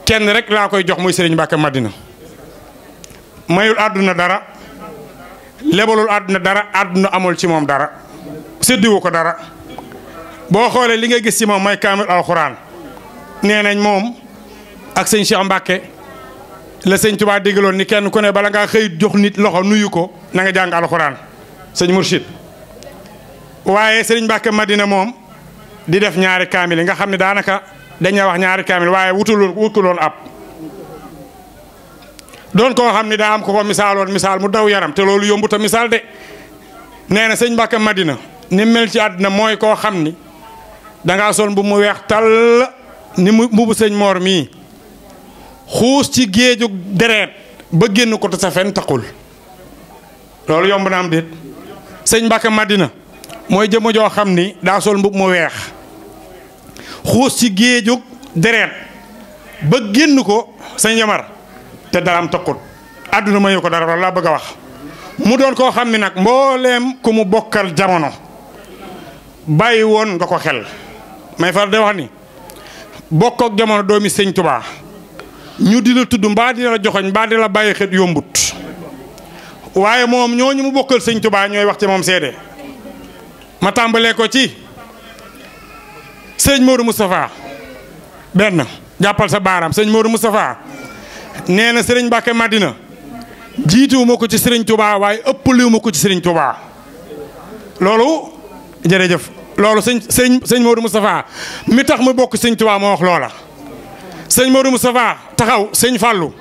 kenn rek laa koy jox muy sëriñ Mbàkke Madina mayul àdduna dara lebalul àdduna dara àdduna amul ci moom dara séddiwu ko dara boo xoolee li nga gis ci moom mooy kaamil alxuraan nee nañ moom ak sëñ Cheikh Mbacke la sëñ Tuubaa digaloon ni kenn ku ne bala ngaa xëy jox nit loxo nuyu ko na nga jàng alxuraan sëñ Mourchid waaye sëriñ Mbacke Madina moom di def ñaari kaamil yi nga xam ne daanaka dañuy wax ñaari kaamil waaye wutuloon wutuloon ab. doon koo xam ni daa am ko ko misaaloon misaal mu daw yaram te loolu yombu ta misaal de nee na sëñ Mbàkke Madina ni mel ci àddina mooy koo xam ni dangaa sol bu mu weex tàll ni mu mbubu sëñ Moor mii xuus ci géejug dereet ba génn ko te taxul loolu yomb na am sëñ Mbàkke Madina mooy jëmm joo xam ni daa sol mbub mu weex xuus ci géejug dereet ba génn ko sa njamar te daraam tokkut àdduna mayu ko dara laa bëgg a wax mu doon koo xam ne nag mbooleem ku mu bokkal jamono bàyyi woon nga ko xel may far de wax ni bokk jamono doomi sëñ tubaa ñu di la tudd mbaa di la joxoñ mbaa di bàyyi xet yombut waaye moom ñooñu mu bokkal sëñ tubaa ñooy wax ci moom seede ma tàmbalee ko ci sëñ Modou Moustapha benn jàppal sa baaraam sëñ Modou Moustapha nee na sëriñ Mbacke Madina jiituwuma ko ci sëriñ Touba waaye ëppaliwuma ko ci sëriñ Touba loolu jërëjëf loolu sëñ sëñ sëñ Modou Moustapha mi tax mu bokk sëñ Touba moo wax loola. sëñ Modou Moustapha taxaw sëñ Fallou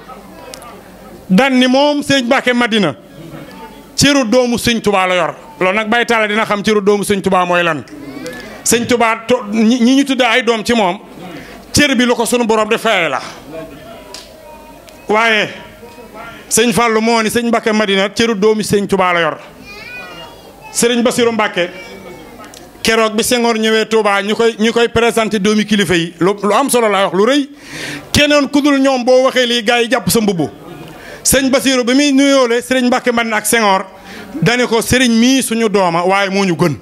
dan ni moom sëñ Mbacke Madina cëru doomu sëñ Touba la yor loolu nag Baye Talla dina xam cëru doomu sëñ Touba mooy lan. sëñ tubaa ñi ñu tuddee ay doom ci moom cër bi lu ko sunu borom di fayee la. waaye sëñ Fallou moo ni sëñ Mbacke Madina cëru doomi sëñ Touba la yor sëriñ Bassirou Mbacke keroog bi sengoor ñëwee Touba ñu koy ñu koy présenté doomi kilifa yi lu am solo la wax lu rëy keneen ku dul ñoom boo waxee lii gars yi jàpp sa mbubb sëñ Bassirou bi muy nuyoole sëriñ Mbacke Madina ak Senghor dane ko sëriñ mii suñu dooma waaye moo ñu gën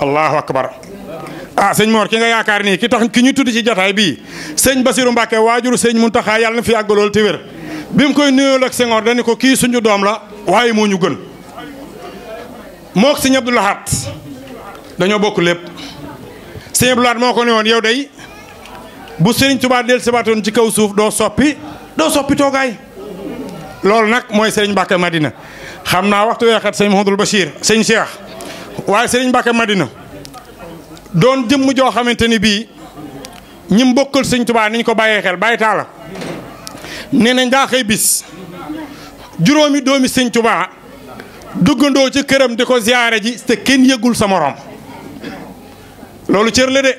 allahu akbar ah sëñ Mor ki nga yaakaar nii ki tax ki ñu tudd ci jataay bii sëñ Basiru mbakke waajuru sëñ Muntaxa yàlla na fi àggalool te wér bi mu koy nuyoo ak Senghor dañu ko kii suñu doom la waaye moo ñu gën mook sëñ Abdou dañoo bokk lépp sëñ Abdou moo ko ne woon yow day bu sëriñ Tuubaa del sibaatoon ci kaw suuf doo soppi doo soppi toogaay loolu nag mooy sëriñ Mbàkke Madina xam naa waxtu weexat sëñ Mouhamadoul Bachir sëñ Cheikh waaye sëriñ Mbàkke Madina doon jëmm joo xamante ni bii ñim bokkal sëñ Tuubaa nañ ko bàyyee xel bàyyi taala nee na njaaxay bis juróomi doomi sëñ Tuubaa duggandoo ci këram di ko ziyaare ji te kenn yëgul sa morom loolu cër la de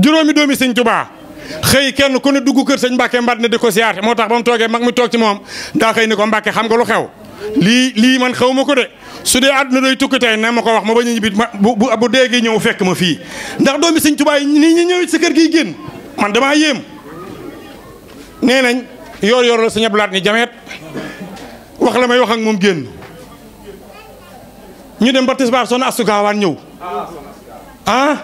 juróomi doomi sëñ Tuubaa xëy kenn ku ne dugg kër sëñ Mbàkke mbat ne di ko ziyaare moo tax ba mu toogee mag mi toog ci moom daa xëy ni ko Mbàkke xam nga lu xew lii lii man xaw ma ko de su dee àdduna doy tukki tey na ma ko wax ma bañ a ñibbi ma bu bu déggee ñëw fekk ma fii ndax doomi sëñ Tuubaa yi nii ñu ñëwee sa kër gi génn man yéem nee nañ yor yor la sëñ wax la may wax ak moom génn ñu dem ba tisbaar soxna Astu Gaawaan ñëw ah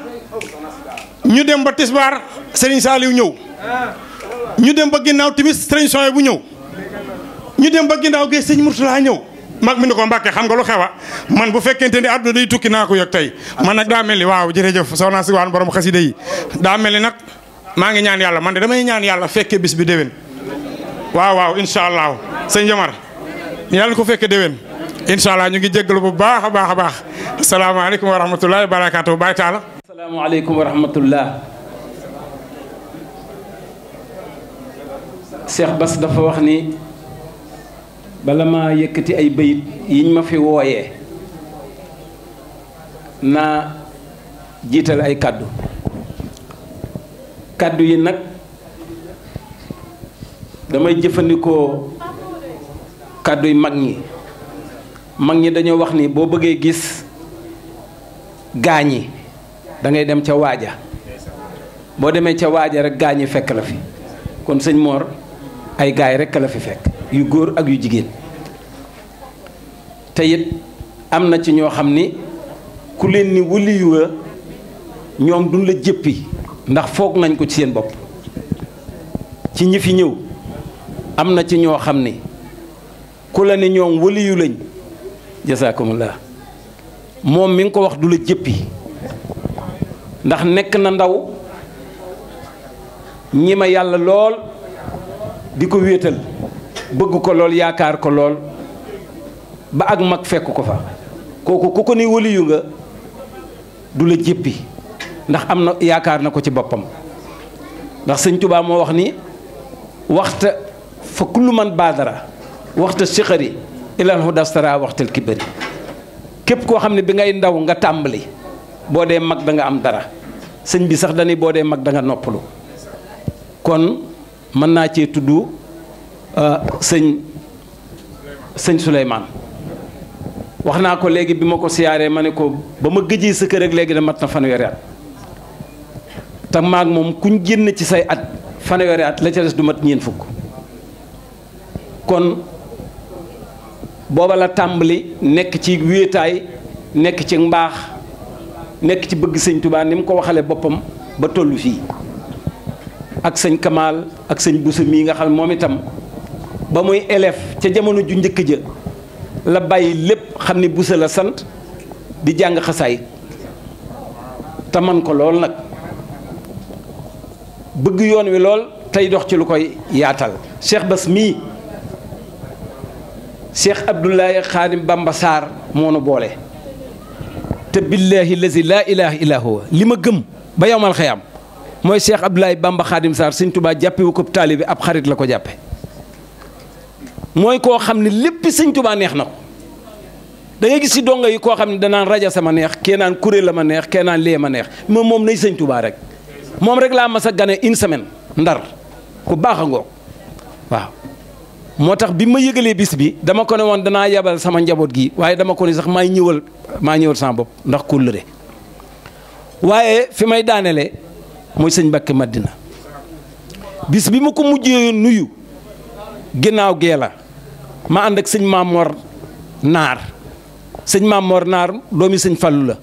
ñu dem ba tisbaar Serigne Saliou ñëw ñu dem ba ginnaaw timis Serigne Soye bu ñëw ñu dem ba ginnaaw gee sëñ Mourtala ñëw mag mi ni ko Mbàkke xam nga lu xewa man bu fekkente ni àdduna day tukki naa ko yëg tey man nag daa mel ni waaw jërëjëf soxna si waan borom xasida yi daa mel ni nag maa ngi ñaan yàlla man de damay ñaan yàlla fekkee bis bi déwén waaw waaw incha allah sëñ Jamar yàlla ko fekke déwén incha allah ñu ngi jéggalu bu baax a baax a baax asalaamaaleykum wa rahmatullahi wa barakaatu baay taala asalaamaaleykum wa rahmatullah Cheikh Bass dafa wax ni bala maa yëkkati ay bayit yiñ ma fi wooyee naa jiital ay kàddu kàddu yi nag damay jëfandikoo kàddu yi mag ñi mag ñi dañoo wax ni boo bëggee gis gaañi da ngay dem ca waaja boo demee ca waaja rek gaañi fekk la fi kon sëñ moor ay gaay rekk la fi fekk yu góor ak yu jigéen te am na ci ñoo xam ni ku leen ni waliyu ñoom duñ la jëppi ndax foog nañ ko ci seen bopp ci ñi fi ñëw am na ci ñoo xam ni ku la ni ñoom waliyu lañ jasaakumullah moom mi nga ko wax du la jëppi ndax nekk na ndaw ñi ma yàlla lool di ko wéetal bëgg ko lool yaakaar ko lool ba ak mag fekk ko fa kooku ku ko ni waliyu nga du la jéppi ndax am na yaakaar na ko ci boppam ndax sëñ Tuubaa moo wax nii waxta fa kullu man baadara waxta siqari ilal hudastara waxtal kibari képp koo xam ne bi ngay ndaw nga tàmbali boo dee mag da nga am dara sëñ bi sax dañuy boo dee mag danga nga noppalu kon mën naa cee tudd Euh, sëñ sëñ Souleymane wax naa ko léegi bi ma ko siyaaree ma ne ko ba ma gëjee sa kër ak léegi da mat na fanweeri at te maak moom kuñ génn ci say at fanweeri at la ca des du mat ñeent fukk kon booba la tàmbali nekk ci wéetaay nekk ci mbaax nekk ci bëgg sëñ Touba ni mu ko waxale boppam ba tollu fii ak sëñ Kamal ak sëñ Boussa mii nga xam moom itam ba muy élève ca jamono ju njëkk ja la bàyyi lépp xam ni busa la sant di jàng xasaay te man ko lool nag bëgg yoon wi lool tey dox ci lu koy yaatal Cheikh Bass mii Cheikh Abdoulaye Xaadim Bamba Sarr moo nu boole te billaahi lazi laa ilaaha illaa li ma gëm ba yowmal xayaam mooy Cheikh Abdoulaye Bamba Xaadim saar Sëñ Tuubaa jàppewu ko taalibe ab xarit la ko jàppe mooy koo xam ne lépp sëñ tubaa neex na ko da gis si donga yi koo xam ne danaa rajo ma neex kee naan kuréel la ma neex kee lee ma neex moom moom nay sëñ tubaa rek moom rek laa mas a gane une semaine ndar ku baax a ngoog waaw moo tax bi ma yëgalee bis bi dama ko ne woon danaa yabal sama njaboot gi waaye dama ko ne sax maay ñëwal maa ñëwal sama bopp ndax kóllëre waaye fi may daanele mooy sëñ Mbàkke Madina bis bi ma ko mujjee nuyu ginnaaw gee la ma ànd ak sëñ Mamor Naar sëñ Mamor Naar doomi sëñ falu la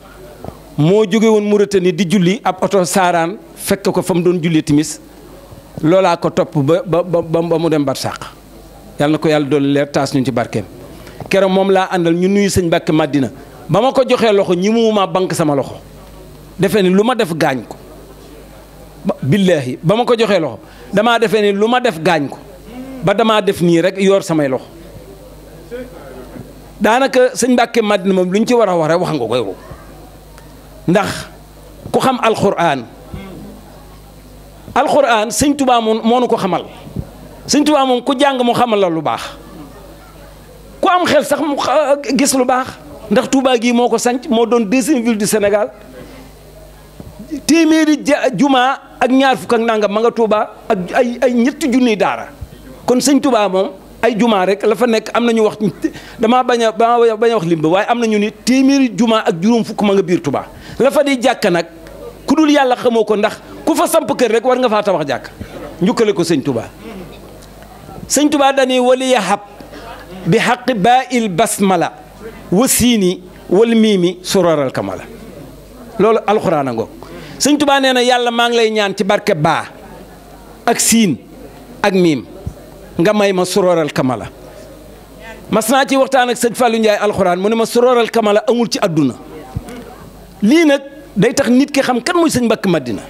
moo jóge woon Mauritanie di julli ab oto saaraan fekk ko fa mu doon julli timis loolaa ko topp ba ba ba mu dem barsàq yàlla na ko yàlla doolu leer taas ñu ci barkeem keroog moom laa àndal ñu nuyu sëñ Mbàkke màddina ba ma ko joxee loxo ñi muuma bank sama loxo defe ni lu ma def gaañ ko billaahi ba ma ko joxee loxo damaa defee ni lu ma def gaañ ko ba damaa def nii rek yor samay loxo daanaka sëñ Mbàkke Madina moom lu ci war a wax rek wax nga koy ndax ku xam alxuraan alxuraan sëñ tubaa moom moo nu ko xamal sëñ Tuubaa ku jàng mu xamal la lu baax ku am xel sax mu gis lu baax ndax Tuubaa gii moo ko sanc moo doon deuxième ville du Sénégal téeméeri jumaa ak ñaar fukk ak nangam ma nga Tuubaa ak ay ay ñetti junniy daara kon sëñ tubaa moom ay jumaa rek la fa nekk am na ñu wax damaa bañ a bañ a wax lim waaye am na ñu ni téeméeri jumaa ak juróom fukk ma nga biir Touba la fa di jàkka nag ku dul yàlla xamoo ko ndax ku fa samp kër rek war nga faa tabax jàkk njukkale ko sëñ Touba sëñ Touba dañuy wal yaxab bi xaqi baa il basmala wa siini wal miimi sororal kamala loolu alxuraan a ngoog sëñ Touba nee na yàlla maa ngi lay ñaan ci barke baa ak siin ak miim. nga may ma surooral kamala mas naa ci waxtaan ak sëñ Fallou alxuraan mu ne ma surooral kamala amul ci àdduna lii nag day tax nit ki xam kan mooy sëñ mbakk Madina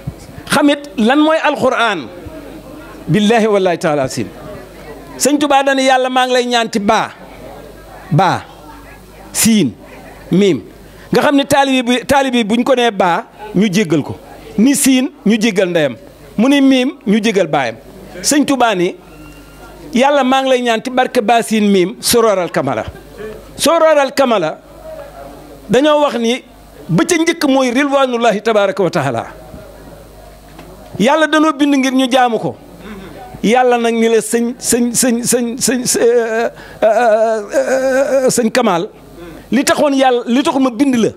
xamit lan mooy alxuraan billaahi wallaahi taala sim sëñ Tuubaa yàlla maa ngi lay ñaan ci baa baa siin miim nga xam ne taalibi buñ ko nee baa ñu jéggal ko ni siin ñu jéggal ndeyam mu ni miim ñu jéggal baayam sëñ Tuubaa yàlla maa ngi lay ñaan ci barke Basin miim sorooral kamala sorooral kamala dañoo wax ni ba njëkk mooy rilwaanullahi tabaaraka wa taala yàlla danoo bind ngir ñu jaamu ko yàlla nag ni la sëñ sëñ sëñ sëñ sëñ euh, euh, euh, sëñ Kamal li taxoon yàlla li taxoon ma bind la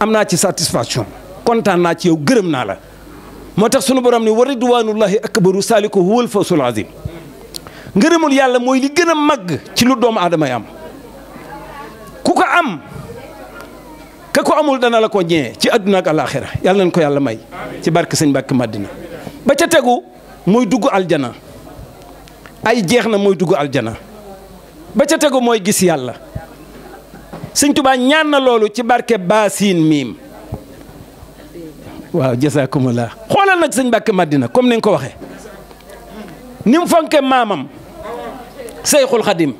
am naa ci satisfaction kontaan naa ci yow gërëm naa la moo tax sunu borom ni war wa ridwaanullahi akbaru saaliku huwal fawsul azim ngërëmul yàlla mooy li gën a màgg ci lu doomu aadama am ku ko am ka ko amul dana la ko ñee ci àdduna ak alaaxira yàlla nañ ko yàlla may ci barke sañ Mbàkke Madina ba ca tegu mooy dugg aljana ay jeex na mooy dugg aljana ba ca tegu mooy gis yàlla sëñ Tuubaa ñaan na loolu ci barke baasin miim waaw jasaakumullaa xoolal nag sëñ Mbàkke Madina comme ni nga ko waxee ni mu fonke maamam seyxul xadim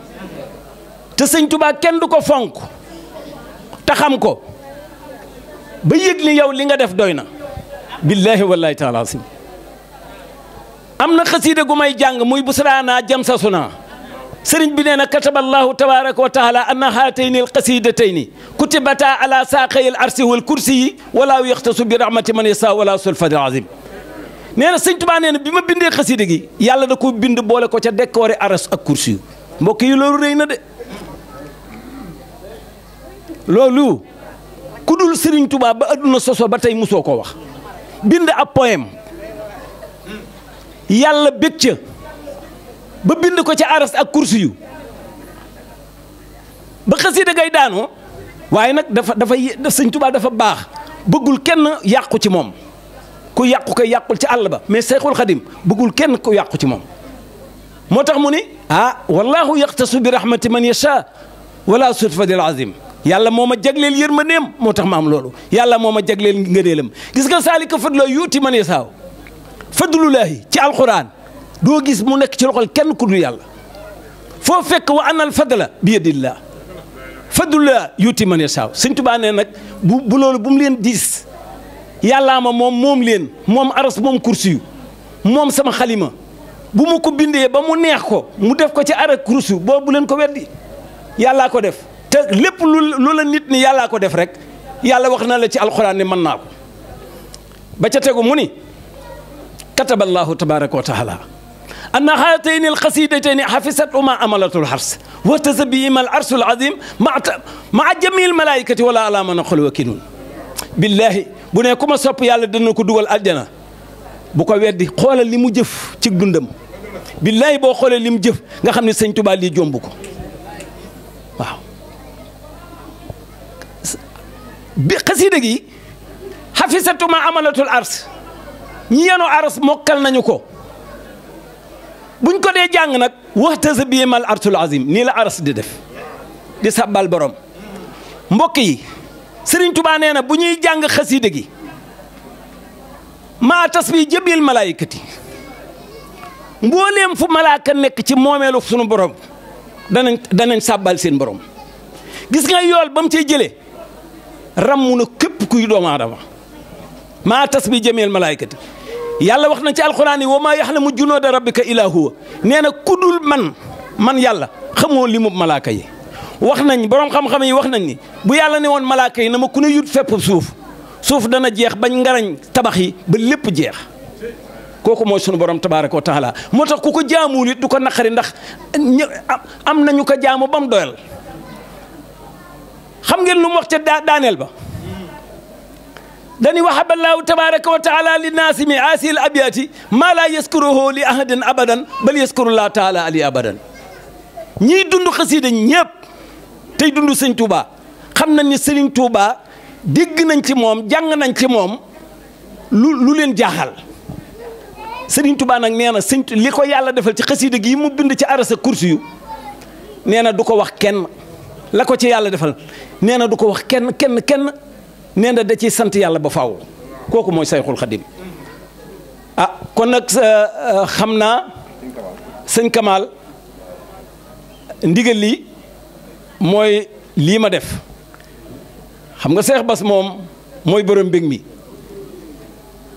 te sëñ tubaa kenn du ko fonk te xam ko ba yëg ni yow li nga def doy na billaahi wallaahi taala asim am na xasiida gu may jàng muy busraana jam sa suna sëriñ bi nee na kataba allahu tabaraka wa taala anna haatayni alqasidatayni kutibata ala saaqayil arsi wal kursi yi walaa yaxtasu bi rahmati man yasaa wala sulfadi azim nee na sëñ Tuubaa nee na bi ma bindee xasida gi yàlla da ko bind boole ko ca décoré aras ak kursi yu mbokk yi loolu rëy na de loolu ku dul sëriñ Tuubaa ba adduna soso ba tey musoo ko wax bind ab poème yàlla bëgg ca ba bind ko ca aras ak kursi yu ba xasida gay daanoo waaye nag dafa dafa sëñ Tuubaa dafa baax bëggul kenn yàqu ci moom ku yàqu ko yàqul ci àll ba mais Seyxul Xadim bëggul kenn ku yàqu ci moom moo tax mu ni ah wallahu yaxtasu bi rahmati man yacha wala sut fadil azim yàlla moo ma jagleel yërmandeem moo tax maam loolu yàlla moo ma jagleel ngëneelam gis nga saalika fadloo yuuti man yasaaw fadlulaahi ci alquran doo gis mu nekk ci loxol kenn ku dul yàlla foo fekk wa anal fadla bi yadillah fadlulaa yuuti man yasaaw Sëñ Tuubaa nee nag bu bu loolu bu mu leen diis yàllaa ma moom moom leen moom aras moom kursiyu moom sama xalima bu ma ko bindee ba mu neex ko mu def ko ci aras kursiyu boobu leen ko weddi yàllaa ko def te lépp lu la nit ni yàllaa ko def rek yàlla wax na la ci alxuraan ni man naa ko ba ca tegu mu ni kataba allahu tabaraka wa taala anna haatayni alxasidatayni xafisatuma amalatul xars wa tasabiima al arsul azim maa jamiil malaayikati wala ala man xol wakiilun billaahi bu ne ku ma sopp yàlla dana ko dugal aljana bu ko weddi xoolal li mu jëf ci dundam billaahi boo xoolee li mu jëf nga xam ne sëñ Tuubaa lii jombu ko waaw bi xasiida gi xafisatuma amalatul ars ñi yenu ars mokkal nañu ko buñ ko dee jàng nag waxtasa biyemal arsul azim nii la ars di def di sabbal borom mbokk yi sëriñ tubaa nee bu ñuy jàng xasiida gi maa tas bi jëbil malaayikati mbooleem fu malaaka nekk ci moomeelu sunu borom danañ danañ sabal seen borom gis nga yool ba mu cay jëlee rammu këpp képp kuy doomu aadama maa tas bi jëmeel yàlla wax na ci alxuraan yi wa maa yaxlamu junnooda rabbika illaa huwa nee na kudul man man yàlla xamoo limu malaaka yi wax nañ borom xam-xam yi wax nañ ni bu yàlla ne woon malaaka yi na ma ku ne yut fepp suuf suuf dana jeex bañ ngarañ tabax yi ba lépp jeex kooku mooy sunu borom tabaaraka wa taala moo tax ku ko jaamuwul du ko naqari ndax am nañu ko jaamu ba mu doyal xam ngeen lu wax ca daaneel ba dani wahaballaahu tabaaraka wa taala li naasi mi asil abiyaati maa laa yaskuruhu li ahadin abadan bal yaskuru laa taala ali abadan ñiy dund xasiida ñépp tey dund sëñ Touba xam nañ ni sëriñ Touba dégg nañ ci moom jàng nañ ci moom lu lu leen jaaxal sëriñ Touba nag nee na sëñ li ko yàlla defal ci xasida gi mu bind ci arasa kursi yu nee na du ko wax kenn la ko ci yàlla defal nee na du ko wax kenn kenn kenn nee na da ciy sant yàlla ba faw kooku mooy sayxul xadim ah kon nag euh, xam naa sëñ Kamal ndigal lii mooy lii ma def xam nga Seex Bas moom mooy borom mbég mi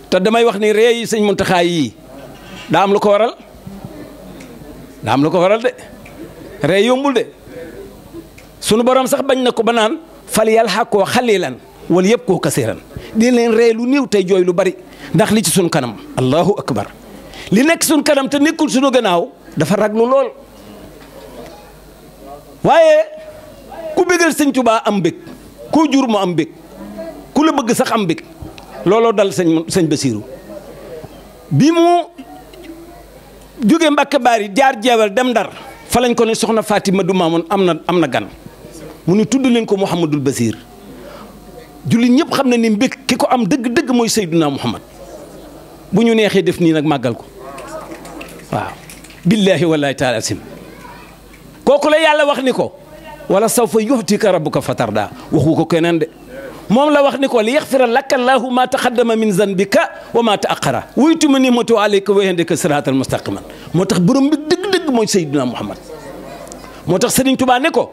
te damay wax ni ree yi sëñ Muntaxa yii daa am lu ko waral daa am lu ko waral de ree yombul de sunu borom sax bañ na ko ba naan fal yalhaqu xalilan wal yabku kasiran di leen ree lu néew tey jooy lu bari ndax li ci sunu kanam allahu akbar li nekk sunu kanam te nekkul sunu gannaaw dafa raglu lool waaye ku bëggal sëñ Tuubaa am bëgg koo jur mu am bëgg ku la bëgg sax am bëgg looloo dal sañ sëñ Basiiru bi mu jóge Mbàkke yi jaar jeewal dem Ndar fa lañ ko ne soxna Fatima du Maamoon am na am na gan mu ni tudd leen ko Mouhamadul Basiir jullit ñëpp xam na ni mbég ki ko am dëgg-dëgg mooy Seydunaa Muhammad bu ñu neexee def nii nag màggal ko waaw billaahi wallaahi taala sim kooku la yàlla wax ni ko wala sawfa yuxtika rabbuka fatarda waxu ko keneen de moom la wax ni ko li yaxfira laka llaahu ma taqaddama min zanbika wa ma taaqara wuytu ma nimatu alayka wa hendika siraatal mustaqiman moo tax borom bi dëgg-dëgg mooy Seydina Muhammad moo tax Sëriñ Tuubaa ne ko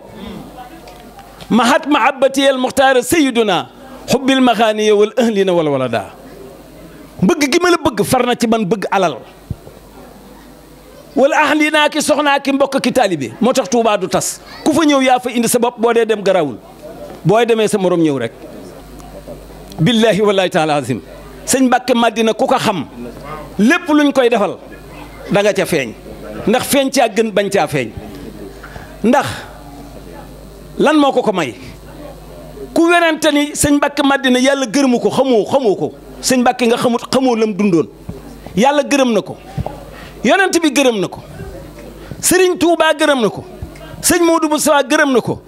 mahat mahabbati al muxtaara Seydina xubbil maxaaniya wal ahlina wala wala bëgg gi ma la bëgg far na ci man bëgg alal wala ahli naa ki soxnaa ki mbokk ki taalibe moo tax Touba du tas ku fa ñëw yaa fa indi sa bopp boo dee dem garawul booy demee sa moroom ñëw rek. billahi wallahi taala azim sëñ Mbàkke Madina ku ko xam lépp luñ koy defal da nga ca feeñ ndax feeñ caa gën bañ caa feeñ ndax lan moo ko ko may ku werante ni sëñ Mbàkke Madina yàlla gërëmu ko xamoo xamoo ko sëñ Mbàkke nga xamut xamoo lam dundoon yàlla gërëm na ko. yonent bi gërëm na ko sëriñ tuubaa gërëm na ko sëñ Modou Moussa gërëm na ko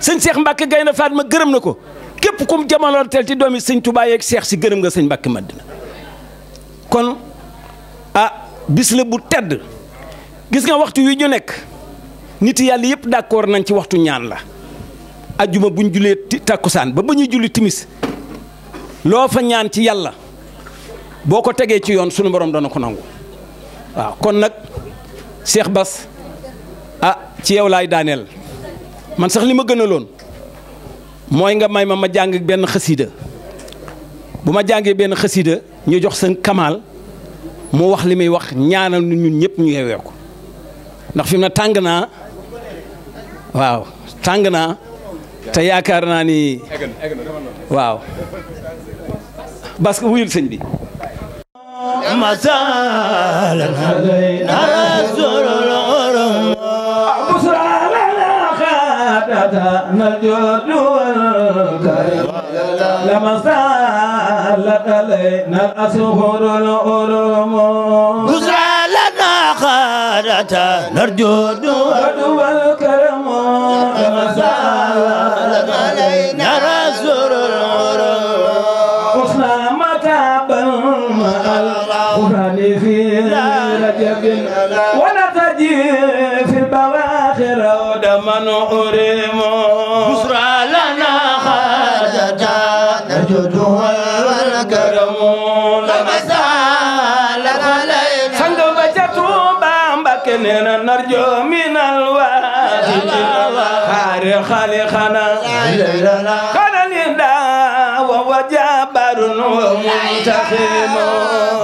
sëñ Cheikh Mbacke Gaynde ma gërëm na ko képp kum jamono teel ci doomi sëñ Touba yeeg Cheikh si gërëm nga sëñ Mbacke Madina kon a ah, bis la bu tedd gis nga waxtu wi ñu nekk nit yàlla yëpp d'accord nañ ci waxtu ñaan la ajjuma buñ julee takkusaan ba ba ñuy julli timis loo fa ñaan ci yàlla boo ko tegee ci yoon sunu borom dana ko nangu. waaw kon nag Cheikh bas a ah, ci yow laay daaneel man sax li ma gënaloon mooy nga may ma ma jàng benn xasiida bu ma jàngee benn xasiida ñu jox seen kamaal mu wax li muy wax ñaanal ñun ñëpp ñu yeewee ko ndax fi mu tàng naa waaw tàng naa te yaakaar naa ni waaw parce que wuyul sëñ bi مسالا نرسل العرم بسرى لنا خاتتنا الجود والكرم لمسالت علينا الأسهر الأرم بسرى لنا خاتتنا الجود والكرم لمسالت علينا neena narjo minal waati xaari xali xana xana ni daa wa wa jabarun wa muntaximoo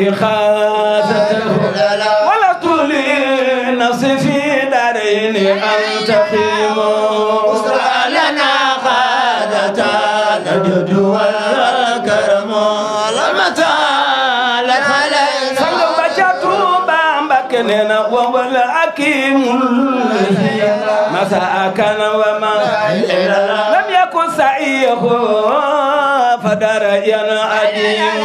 إخاذته ولا طول نصف دارين أن تقيم أسرى لنا خاذتنا الجد والكرم لمتى لك ليس فلبشت بامبكننا وهو الحكيم مساء كان وما لم يكن سعيه فدريا عديم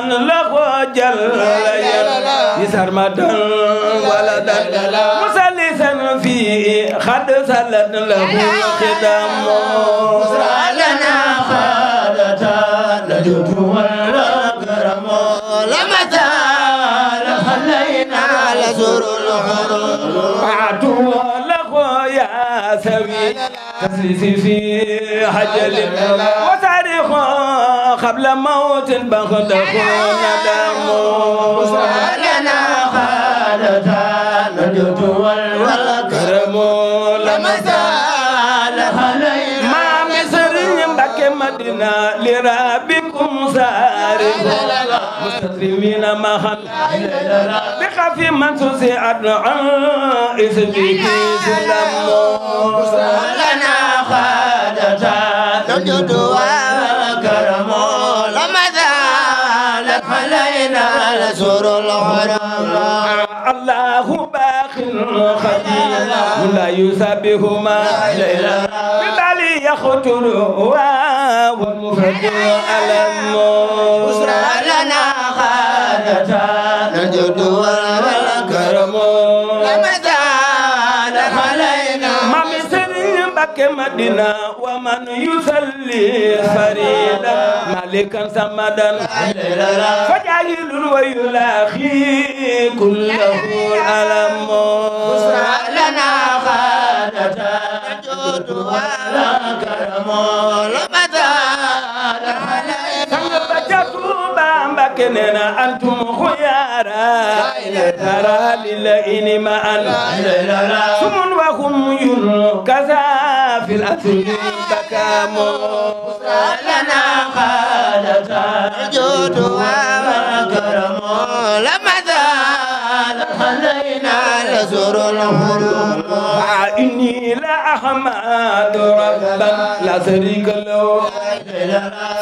من له جل يسرمدا ولدا مسلسا فيه قد سلت له خدام مسرى لنا خالدا لجد ولا كرم لمتى لخلينا لزر العروم بعدوا له يا سوي تسلسي في حجل وتاريخه وقبل موت بغده ندم لنا خالدا نجد والكرم لما زال ما مصر يمبك مدينة لربكم سارب مسلمين مهل بخف من تسعد عن إسبيك سلم لنا خالدا نجد والكرم علينا نسور الحرام الله باق خليل لا يسبهما ليلا بالعلي يخطر والمفرد ألم بشرى لنا خانتا نجد والمرأة عبدنا ومن يصلي فريدا ملكا سمدا فجعل ويلاخي كله العلم بشرى لنا خانة جود ولا كرم لمدى عليك Mbakke nee na antum xuyaara dara lilla ini ma an sumun waxum yun kaza fil asri takamo lana xaalata jotu wa karamo la madha قد خلينا لزر الحرم فإني لأحمد ربا لا شريك له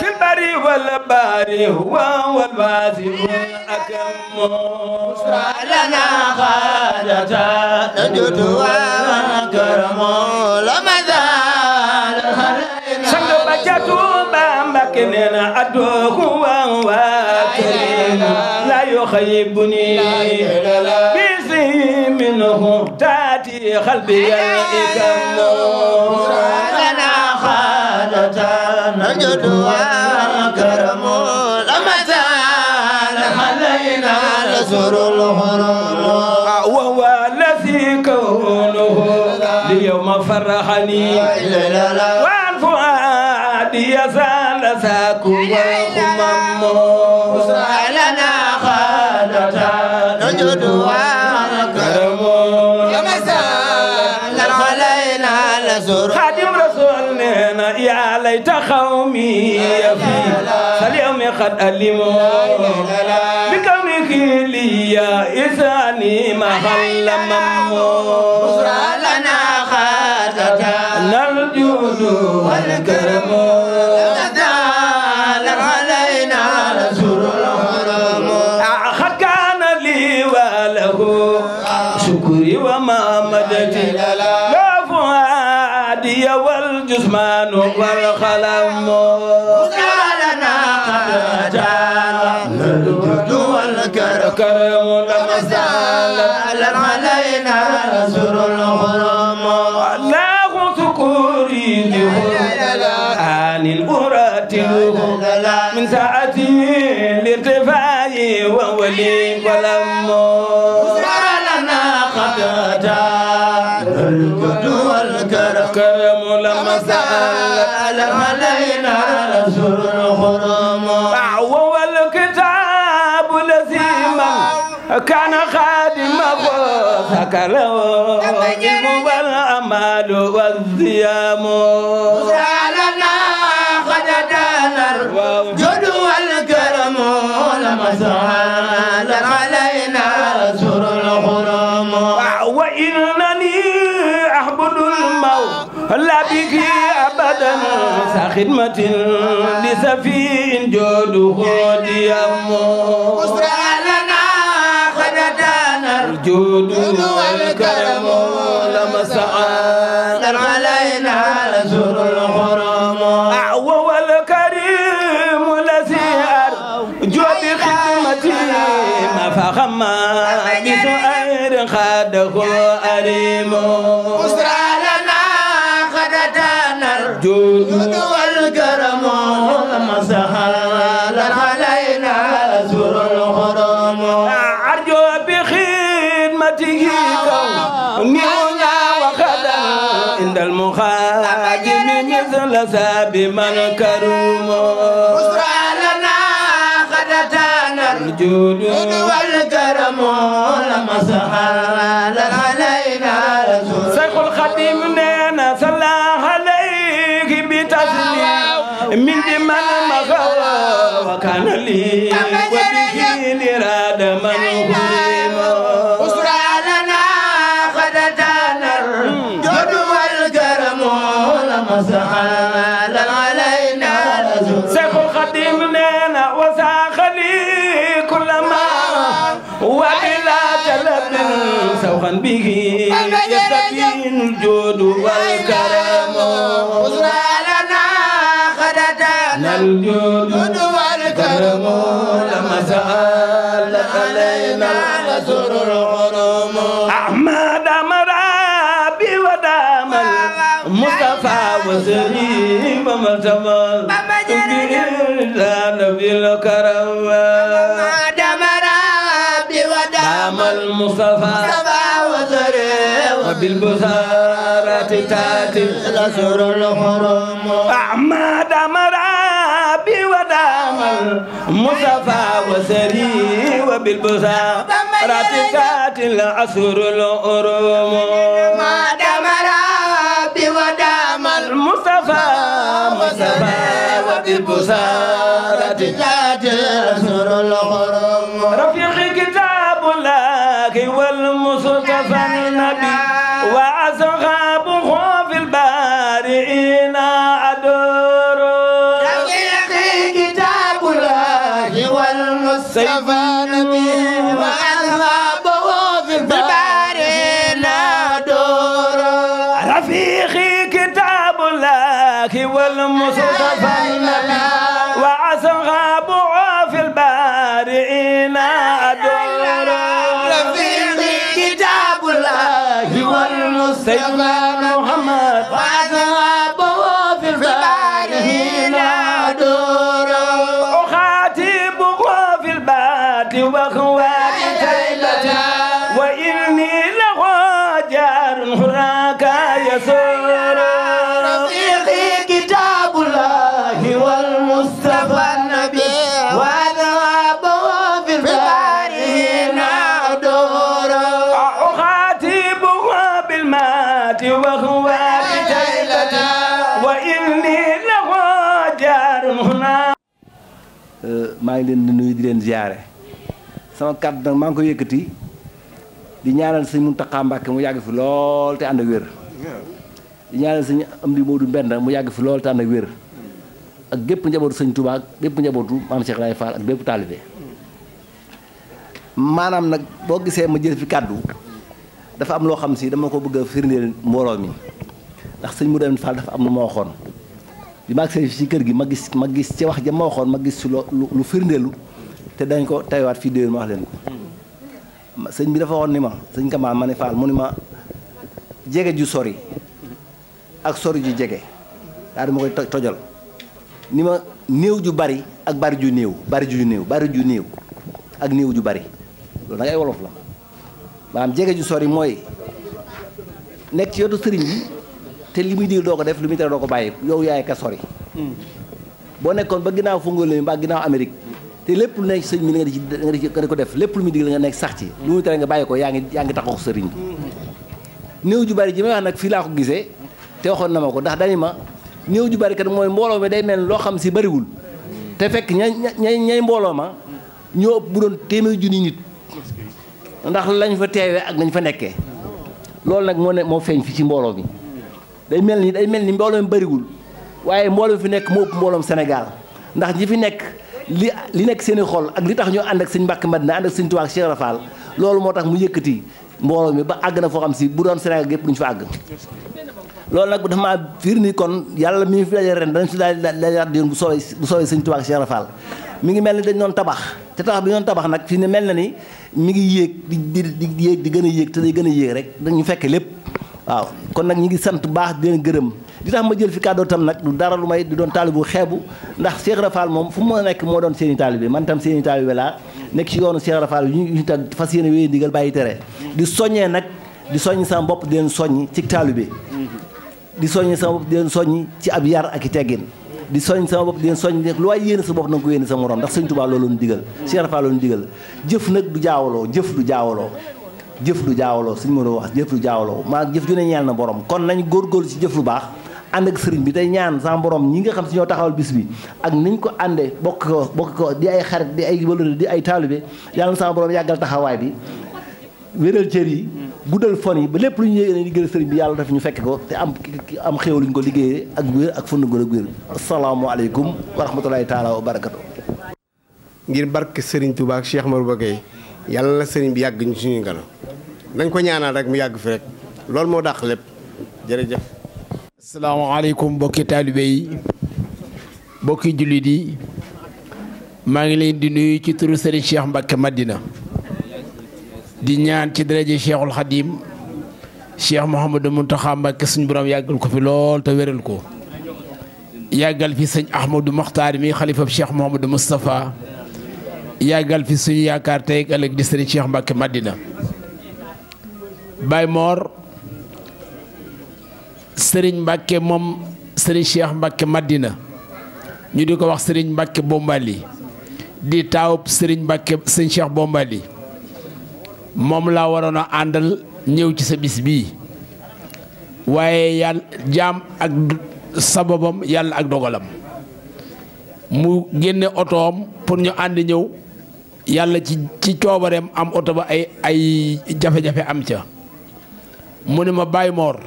في البري والباري هو والوازن الأكرم لنا خالدا نجد ونكرم لما زال خلينا سنبجة بامبكنين أدوه وكريم يخيبني بسي منه تاتي قلبي الإكم لنا خالة نجد وكرم لما زال علينا لسر الحرم وهو الذي كونه اليوم فرحني والفؤاد يزال ساكو وخمم لنا يا ليت قومي فاليوم قد ألموا بكونك لي يا إساني محل ممو ألم علينا نفس الخرم وهو الكتاب الذي من كان خادمه ذكره والأمال والزيام سألنا قد دانا جد والكرم لمسعى علينا سر الحرم وإنني أحبد الموت لا خدمة لسفين جود خودي أمو أسرع لنا خدتنا الجود والكرم فتيه كوني هنا وغدا عند المخادم مثل ذاب من كروم بشرى لنا غدتنا الجود والكرم لما سهر علينا رسول شيخ الخديم نانا صلى عليه بتسليم من دمن مغوى وكان لي به يستفي الجود والكرم خذنا لنا غدتنا الجود والكرم لما سأل علينا غزر الغرم أحمد مرابي ودام المصطفى وسليم مرتبى نبي الكرم أحمد مرابي ودام المصطفى بالبزارة تاتي الأسر الحرم أحمد مرابي ودام المصطفى وسري وبالبزارة تاتي الأسر الحرم أحمد مرابي ودام المصطفى وسري وبالبزارة تاتي وهو بتيبة وإني له جار هناك يسر رفيقي كتاب الله والمصطفى النبي وذهبه في البارين دور أخاتبها بالمات وهو بتيبة وإني له جار هناك maa ngi leen di nuyu di leen ziare sama kàddu nag maa ngi ko yëkkati di ñaanal sëñ Muntaxa Mbàkke mu yàgg fi lool te ànd ak wér di ñaanal sëñ Amdi Moodu Mbenda mu yàgg fi lool te ànd ak wér ak gépp njabootu sëñ Tuubaa bépp gépp njabootu maam Cheikh Ibrahima Fall ak bépp taalibe maanaam nag boo gisee ma jël fi kàddu dafa am loo xam si dama ko bëgg a firndeel mbooloo mi ndax sëñ mu Mbenda Fall dafa am lu ma waxoon bi ma agsee ci kër gi ma gis ma gis ci wax ja ma waxoon ma gis ci lu lu te dañ ko taywaat fii déwén ma wax leen ko sëñ bi dafa woon ni ma sëñ Kamal ma ne Fall mu ni ma jege ju sori ak sori ju jege daal di ma koy tojal ni ma néew ju bari ak bari ju néew bari ju néew bari ju néew ak néew ju bari loolu nag ay wolof la maanaam jege ju sori mooy nekk ci yotu sëriñ bi te li muy doo ko def li muy doo ko bàyyi yow yaay ka sori hmm. boo nekkoon ba ginnaaw Fongolimbi mbaa ginnaaw Amérique te lépp lu nekk sëñ bi nga di ci nga di ko def lépp lu muy digal nga nekk sax ci lu muy tere nga bàyyi ko yaa ngi yaa ngi taxaw sëriñ bi néew ju bari ji may wax nag fii laa ko gisee te waxoon na ko ndax dañu ma néew ju bari kat mooy mbooloo mi day mel loo xam si bariwul te fekk ña ñay ñay mbooloo ma ñoo ëpp bu doon téeméer junni nit ndax lañ fa teewee ak nañ fa nekkee loolu nag moo ne moo feeñ fi ci mbooloo mi day mel ni day mel ni mbooloo mi bariwul waaye mbooloo mi fi nekk moo ëpp mbooloom Sénégal ndax ñi fi nekk li li nekk seen i xol ak li tax ñu ànd ak sëñ Mbàkke Madina ànd ak sëñ Tuubaa ak Cheikh loolu moo tax mu yëkkati mbooloo mi ba àgg na foo xam si bu doon Sénégal gépp duñ fa àgg loolu nag dafa maa fiir kon yàlla mi fi daje ren danañ si daal daal di yoon bu soobee bu soobee sëñ Tuubaa ak mi ngi mel ni dañ doon tabax te tax bi doon tabax nag fi ne mel na ni mi ngi yéeg di di di yéeg di gën a yéeg te day gën a yéeg rek dañu fekk lépp waaw kon nag ñu ngi sant baax di leen gërëm di tax ma jël fi kàddoo tam nag du dara lu may di doon taalibu xeebu ndax Cheikh Rafal moom fu mu nekk moo doon seeni i taalibe man tam seen i taalibe laa nekk ci yoonu Cheikh Rafal yu ñu tam fas yéene wéy digal bàyyi tere di soññee nag di soññ sama bopp di leen soññ ci taalibe di soññ sama bopp di leen ci ab yar ak i teggin di soñ sama bopp di leen soñ rek lu waay yéene sa bopp na ko yéene sa morom ndax sëñ Tuubaa loolu ñu digal Cheikh Rafal loolu ñu digal jëf nag du jaawaloo jëf du jaawaloo jëf du jaawaloo suñu mën a wax jëf du jaawaloo maa jëf ju ne ñeel na borom kon nañ góorgóorlu ci jëf lu baax ànd ak sëriñ bi tey ñaan sama borom ñi nga xam si ñoo taxawal bis bi ak niñ ko àndee bokk ko bokk ko di ay xarit di ay wëlëri di ay taalibe yàlla na sama borom yàggal taxawaay bi wéral cër yi guddal fon yi ba lépp lu ñu yéene liggéeyal sëriñ bi yàlla daf ñu fekk ko te am am xéew ko liggéeyee ak wér ak fund gën a wér asalaamaaleykum wa rahmatulahi taala wa barakatu ngir barke sëriñ Touba ak Cheikh Marou Bakay yàlla na sëriñ bi yàgg ñu suñu gana nañ ko ñaanal rek mu yàgg fi rek loolu moo dàq lépp jërëjëf salaamaaleykum mbokki taalibe yi mbokki jullit yi maa ngi leen di nuyu ci turu Serigne Cheikh Mbacke Madina di ñaan ci daraje Cheikhul Khadim Cheikh Mouhamadou Mountakha Mbacke suñu borom yàggal ko fi lool te wéral ko yàggal fi sëñ Ahmadou Mokhtar mi xalifa Cheikh Mouhamadou Moustapha yàggal fi suñu yaakaar tey ak ëllëg di Serigne Cheikh Mbacke Madina Baye Mor. sëriñ Mbàkke moom sëriñ Cheikh Mbàkke Madina ñu di ko wax sëriñ Mbàkke Bombali di taawub sëriñ Mbàkke sëriñ Cheikh Bombali moom laa waroon a àndal ñëw ci sa bis bii waaye yàlla jaam ak sababam yàlla ak dogalam mu génne otoom pour ñu ànd ñëw yàlla ci ci coobareem am oto ba ay ay jafe-jafe am ca mu ne ma Baye Mor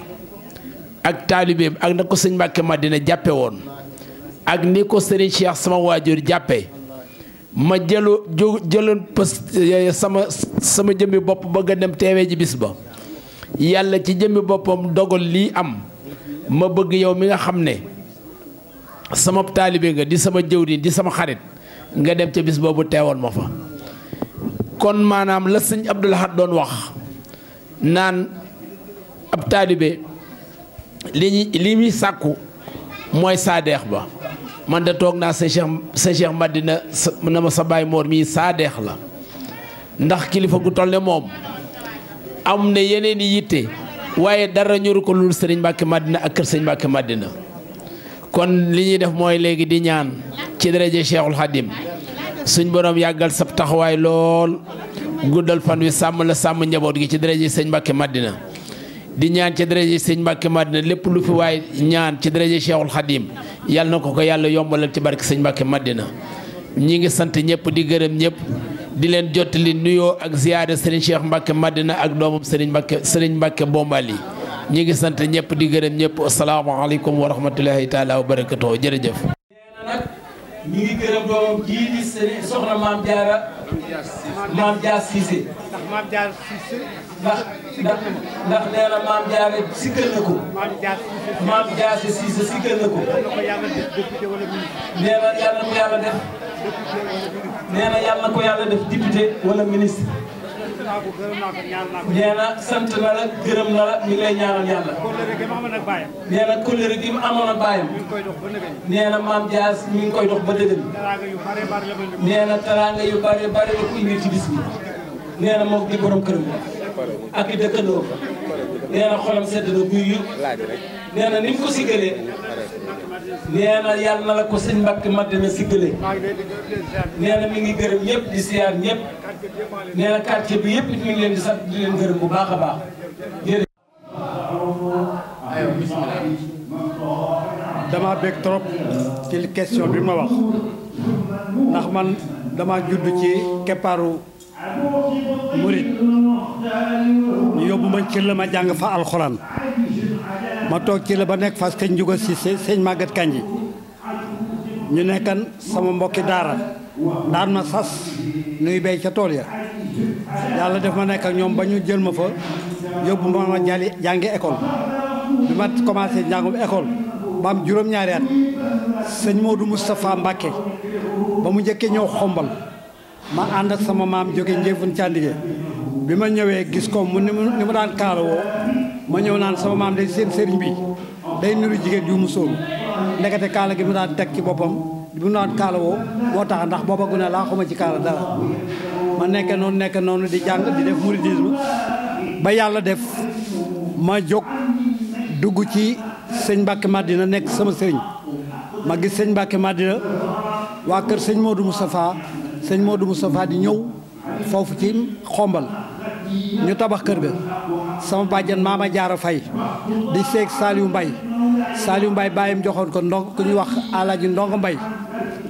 ak taalibeem ak na ko sëñ Mbàkke Madina jàppe woon ak ni ko sëriñ Cheikh sama waajur jàppe ma jëlu jëloon pës sama sama jëmmi bopp bëgg a dem teewee ji bis ba yàlla ci jëmmi boppam dogal lii am ma bëgg yow mi nga xam ne sama taalibe nga di sama jëwriñ di sama xarit nga dem ca bis boobu teewoon ma fa kon maanaam la sëñ Abdul Ahad doon wax naan ab taalibe li li muy sàkku mooy saadeex ba man de toog naa sa Cheikh sa Cheikh na ma sa baay moor mii saadeex la ndax kilifa gu toll moom am na yeneen i yitte waaye dara ñuru ko lul sëriñ Mbàkke màddina ak kër sëriñ Mbàkke Madina kon li ñuy def mooy léegi di ñaan ci daraje Cheikhul Khadim suñ borom yàggal sab taxawaay lool guddal fan wi sàmm la sàmm njaboot gi ci daraje sëñ Mbàkke màddina di ñaan ci daraje sëñ Mbàkke Madina lépp lu fi waay ñaan ci daraje Cheikhul Khadim yàlla na ko ko yàlla yombalal ci barke sëñ Mbàkke Madina ñi ngi sant ñëpp di gërëm ñëpp di leen jottali nuyoo ak ziyaare sëriñ Cheikh Mbàkke màddina ak doomam sëriñ Mbàkke sëriñ Mbàkke Bombali ñi ngi sant ñëpp di gërëm ñëpp asalaamaaleykum aleykum rahmatullahi taala wa barakatuh jërëjëf ñi maam Dia Cissé. ndax maam Dia Cissé. ndax ndax ndax maam Dia rek sikkal na ko. maam Dia Cissé maam Dia Cissé sikkal na ko. nee na yàlla ko ko yàlla def député wala ministre. nee na sant na la gërëm na la mi ngi lay ñaanal yàlla. nee na kóllëre gi mu amoon baayam. nee maam Dias mi ngi koy dox ba dëgën. nee na yu bare bare la ko indi ci bis bi. nee na moom di borom këram ak i dëkkandoo. nee na xolam sedd na guy yu. nee na ni mu ko nee yàlla na la ko sëñ Mbàkke Madina si nee na mi ngi gërëm yépp di siyaar ñëpp nee na bi yëpp it mi leen di sant leen gërëm bu baax a baax dama bég trop ci question bi ma wax ndax man dama judd ci keppaaru murit ñu yóbbu ma ci la ma jàng fa alxuraan ma toog ci la ba nekk fas kañ juga si sëñ màggat kanji ñu nekkan sama mbokki daara daan ma sas nuy bay ca tool ya yàlla def ma nekk ñoom ba ñu jël ma fa yóbbu ma ma jali jàngi bi ma commencé njàngum école ba am juróom-ñaari at sëñ Modou Moustapha Mbacke ba mu njëkkee ñëw xombal ma ànd ak sama maam jóge njëfun candige bi ma ñëwee gis ko mu ni mu daan kaalawoo ma ñëw naan sama maam day seen sëriñ bi day niru jigéen yu mu sóoru ndekete kaala gi mu daan teg ci boppam bu mu daan kaala woo moo tax ndax booba gu ne laa xuma ci kaala dara ma nekk noonu nekk noonu di jàng di def mouridisme ba yàlla def ma jóg dugg ci sëñ Mbàkke Madina nekk sama sëriñ ma gis sëñ Mbàkke Madina waa kër sëñ Modou Moustapha sëñ Modou Moustapha di ñëw foofu ci xombal ñu tabax kër ga sama bàjjan ma jaara fay di seeg Saliou Mbay Saliou Mbay bàyyam joxoon ko ndong ku ñuy wax alaaji ndong mbay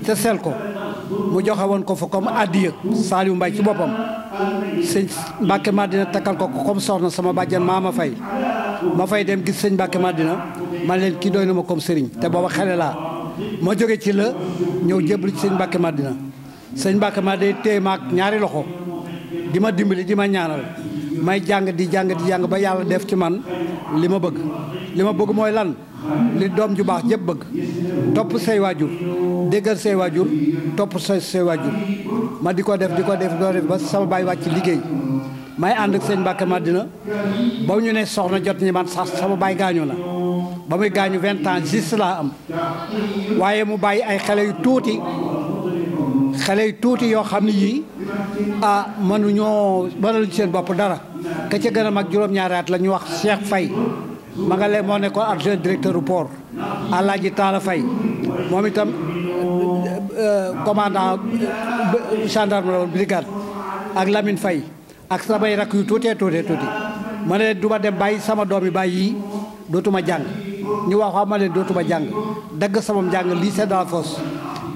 te sel ko mu joxe woon ko fa comme addiya Saliou Mbay ci boppam sëñ Mbàkke Madina takkal ko ko comme soxna sama bàjjan ma fay ma fay dem gis sëñ Mbàkke Madina man leen kii doy na ma comme sëriñ te booba xale laa ma jóge ci la ñëw jébbalu ci sëñ Mbàkke Madina sëñ Mbàkke Madina téye ma ak ñaari loxo di ma dimbali di ma ñaanal may jàng di jàng di jàng ba yàlla def ci man li ma bëgg li ma bëgg mooy lan li doom ju baax jëpp bëgg topp say waajur déggal say waajur topp say say waajur ma di ko def di ko def doo ba sama baay wàcc liggéey may ànd ak sëñ Mbàkke Madina ba ñu ne soxna jot ñi man sax sama baay gaañoo na ba muy gaañu vingt ans juste laa am waaye mu bàyyi ay xale yu tuuti xale yu tuuti yoo xam ne yii ah mënuñoo mënaluñ seen bopp dara ka ca gën mag juróom-ñaari at la ñu wax Cheikh fay ma nga lee moo nekkoon adjoint directeur poor du laaj Alaaji Taala fay moom itam euh, commandant euh, gendarme la ak Lamine fay ak samay rakk yu tuutee tuutee tuuti ma ne du ma dem bàyyi sama doom yi bàyyi yii dootuma jàng ñu wax ma leen dootuma jàng dagg sama njàng lycée de la fosse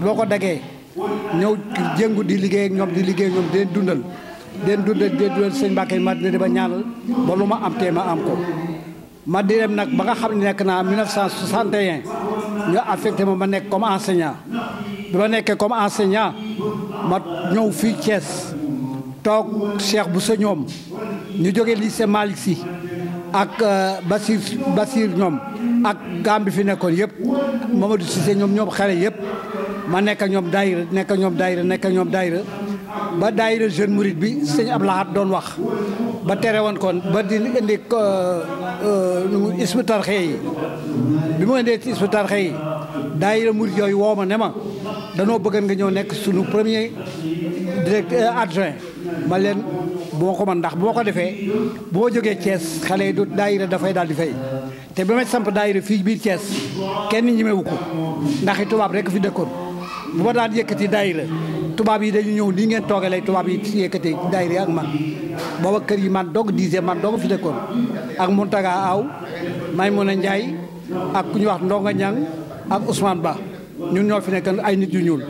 boo ko daggee ñëw jëngu di liggéey ak ñoom di liggéey ak ñoom di leen dundal di leen dundal di leen dundal sëñ Mbàkke ma dina dama ñaanal ba ma am tee ma am ko ma di dem nag ba nga xam ne nekk naa 1961 ñu affecté ma ma nekk comme enseignant bi ma nekkee comme enseignant ma ñëw fii Thiès toog Cheikh bu sa ñoom ñu jógee lycée Malick Sy ak euh, Basir Basir ñoom ak gaam bi fi nekkoon yëpp Mamadou Cissé ñoom ñoom xale yëpp ma nekk ñoom daayira nekk ak ñoom daayira nekk ak ñoom daayira ba daayira jeune mouride bi sëñ ab laxaat doon wax ba tere woon kon ba di indi euh, euh, isbu tarxe yi bi mu indee ci isbu tarxe yi daayira murid yooyu woo ma ne ma danoo bëggan nga ñëw nekk sunu premier directeur adjoint ma leen bu ma ko man ndax bu ma ko defee bu ma jógee Thiès xale yi du daayira dafay daal di fay te ba may samp daayira fii biir Thiès kenn ñemewu ko ndax i tubaab rek fi dëkkoon bu ma daan yëkkati daayira tubaab yi dañu ñëw nii ngeen toogee lay tubaab yi yëkkati daayira ak man booba kër yi man doog diise man doog fi dëkkoon ak Muntaga Aw Maymuna Njaay ak ku ñu wax Ndonga Ñang ak Ousmane Ba ñun ñoo fi nekk ay nit yu ñuul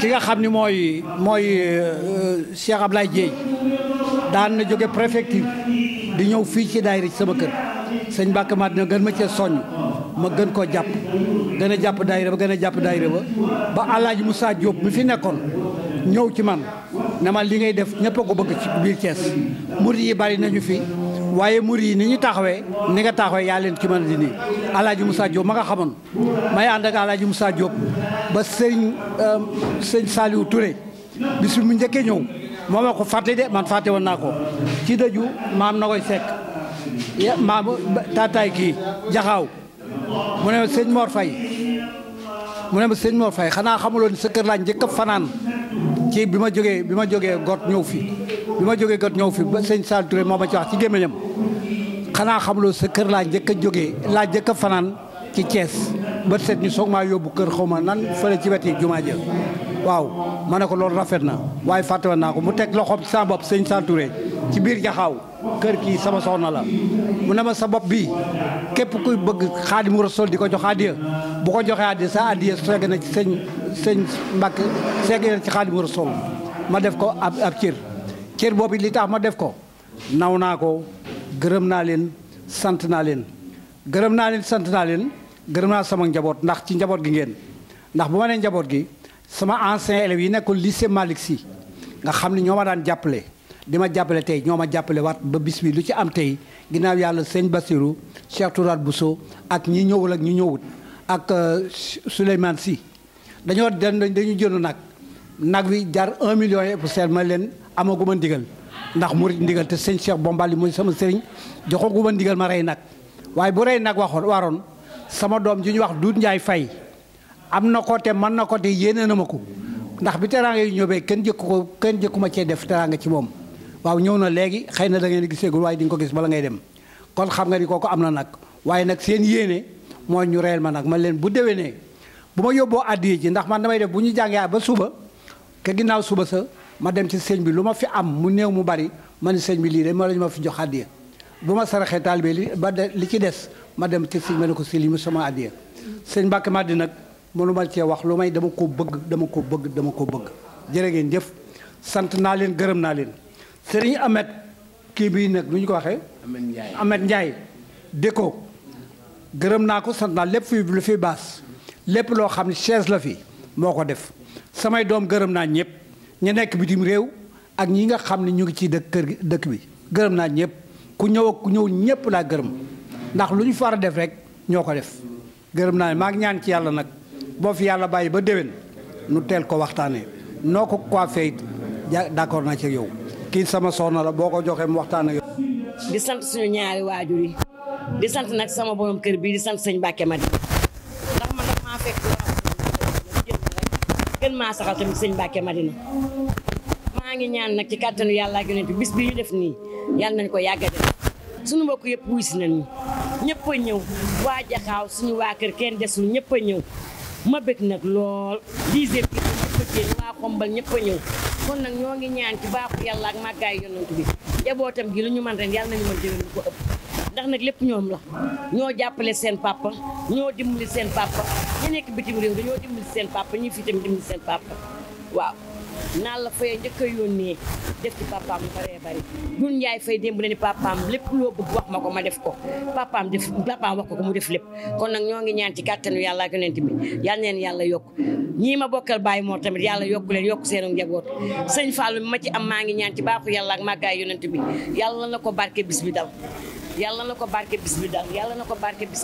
ki nga xam ni mooy mooy euh, Cheikh Ablaye Dieye daan na jóge préfecture di ñëw fii ci daayira ci sama kër sëñ Bakka ma dina gën ma cee soññ ma gën koo jàpp gën a jàpp daayira ba gën a jàpp daayira ba ba alaaji Moussa Diop mi fi nekkoon ñëw ci man ne ma li ngay def ñëpp a ko bëgg biir Thiès murid yi bari nañu fi waaye murid yi ni ñu taxawee ni nga taxawee yaa leen ci mën a di nii alaaji Moussa ma nga xamoon may ànd ak alaaji Moussa Diop ba sëñ euh, sëñ Saliou Touré bis bi mu njëkkee ñëw moo ma ko fàtte de man fàtte woon naa ko ci dëju maam na koy sekk maam taataay kii jaxaaw mu ne sëñ Mor fay mu ne ma sëñ Mor Faye xanaa xamuloon sa kër laa njëkk a fanaan ci bi ma jógee bi ma jógee got ñëw fi bi ma jógee got ñëw fi ba sëñ Sall Touré moom ma ci wax ci gémmiñam xanaa xamuloo sa kër laa njëkk a jógee laa njëkk a fanaan ci Thiès ba set ñu soog maa yóbbu kër xaw ma nan fële ci weti jumaa ja waaw ma ne ko loolu rafet na waaye fàttewoon naa ko mu teg loxoom sa bopp sëñ Santouré ci biir jaxaaw kër kii sama soxna la mu ne ma sa bopp bii képp kuy bëgg Xaadimu sol di ko jox addiya bu ko joxee addiya sa addiya segg na ci sëñ sëñ Mbàkke segg na ci Xaadimu Rasuul ma def ko ab ab cër cër boobu li tax ma def ko naw naa ko gërëm naa leen sant naa leen gërëm naa leen sant naa leen gërëm naa sama njaboot ndax ci njaboot gi ngeen ndax bu ma nee njaboot gi sama ancien élèves yi nekkoon lycée Malick si nga xam ni ñoo ma daan jàppale di ma jàppale tey ñoo ma jàppale waat ba bis bi lu ci am tey ginnaaw yàlla sëñ Bassirou Cheikh Tourat Bousso ak ñii ñëwul ak ñi ñëwut ak euh, Souleymane si dañoo den dañu jënd nag nag wi jar un million et ma leen amaguma ndigal ndax murit ndigal te sëñ Cheikh Bombali mooy sama sëriñ joxaguma ndigal ma rey nag waaye bu rey nag waxoon waroon sama doom ji ñu wax Doudou Ndiaye fay am na ko te mën na ko te yéene na ma ko ndax bi teraanga yu ñëwee kenn jëkku ko kenn jëkku ma cee def teraanga ci moom waaw ñëw na léegi xëy na da gisee giseegul waaye di nga ko gis bala ngay dem kon xam nga ni kooku am na nag waaye nag seen yéene mooy ñu reyal ma nag man leen bu déwénee bu ma yóbboo addiya ji ndax man damay def bu ñu jàngee ba suba ke ginnaaw suba sa ma dem ci sëñ bi lu ma fi am mu néew mu bari man ne sëñ bi lii de ma la ñu ma fi jox addiya bu ma saraxee taalibe li ba li ci des ma dem ci sëñ ma ne ko si lii mu sama addiya seen Mbàkke Madina nag mënu ma cee wax lu may dama ko bëgg dama ko bëgg dama ko bëgg jërë ngeen jëf sant naa leen gërëm naa leen Serigne Ahmed kii bii nag lu ñu ko waxee Ahmed Ndiaye déko gërëm naa ko sant naa lépp fi lu fi baas lépp loo xam ne chaise la fi moo ko def samay doom gërëm naa ñëpp ñu nekk bitim réew ak ñi nga xam ni ñu ngi ci dëkk kër dëkk bi gërëm naa ñëpp ku ñëw ak ku ñëw ñëpp laa gërëm ndax lu ñu far a def rek ñoo ko def gërëm naa maa ñaan ci yàlla nag boo fi yàlla bàyyi ba déwén nu teel ko waxtaanee noo ko coiffé it ja d'accord na ci yow kii sama soxna la boo ko joxee mu waxtaanee yow. di sant suñu ñaari waajur yi di sant nag sama borom kër bii di sant sëñ Mbacke ma ndax man dafa maa sëñ Mbacke Madina maa ngi ñaan nag ci kàttanu yàlla ak yonent bis bi ñu def nii yàlla nañ ko yàgg a suñu mbokk yëpp wuy si nañu ñëpp a ñëw waa Jaxaaw suñu waa kër kenn desul ñëpp a ñëw ma bëgg nag lool dix heures bi ñëpp a génn waa xombal ñëpp a ñëw kon nag ñoo ngi ñaan ci baaxu yàlla ak màggaay yonent bi njabootam gi lu ñu mën ren yàlla nañu mën déwén lu ko ëpp ndax nag lépp ñoom la ñoo jàppale seen papa ñoo dimbali seen papa ñu nekk bitim réew dañoo dimbali seen papa ñu fi tamit dimbali seen papa waaw naa la fayee njëkk a yónnee def ci papaam lu baree bari dun yaay fay démb leen ni papaam lépp loo bëgg wax ma ko ma def ko papaam def papaam wax ko ko mu def lépp kon nag ñoo ngi ñaan ci kàttanu yàlla ak yonent bi yal neen yàlla yokk ñii ma bokkal bàyyi moo tamit yàlla yokku leen yokk seen njaboot sëñ Fallou ma ci maa ngi ñaan ci baaxu yàlla ak màggaay yonent bi yàlla na ko barke bis bi yàlla na ko barke bis bi dal yàlla na ko barke bis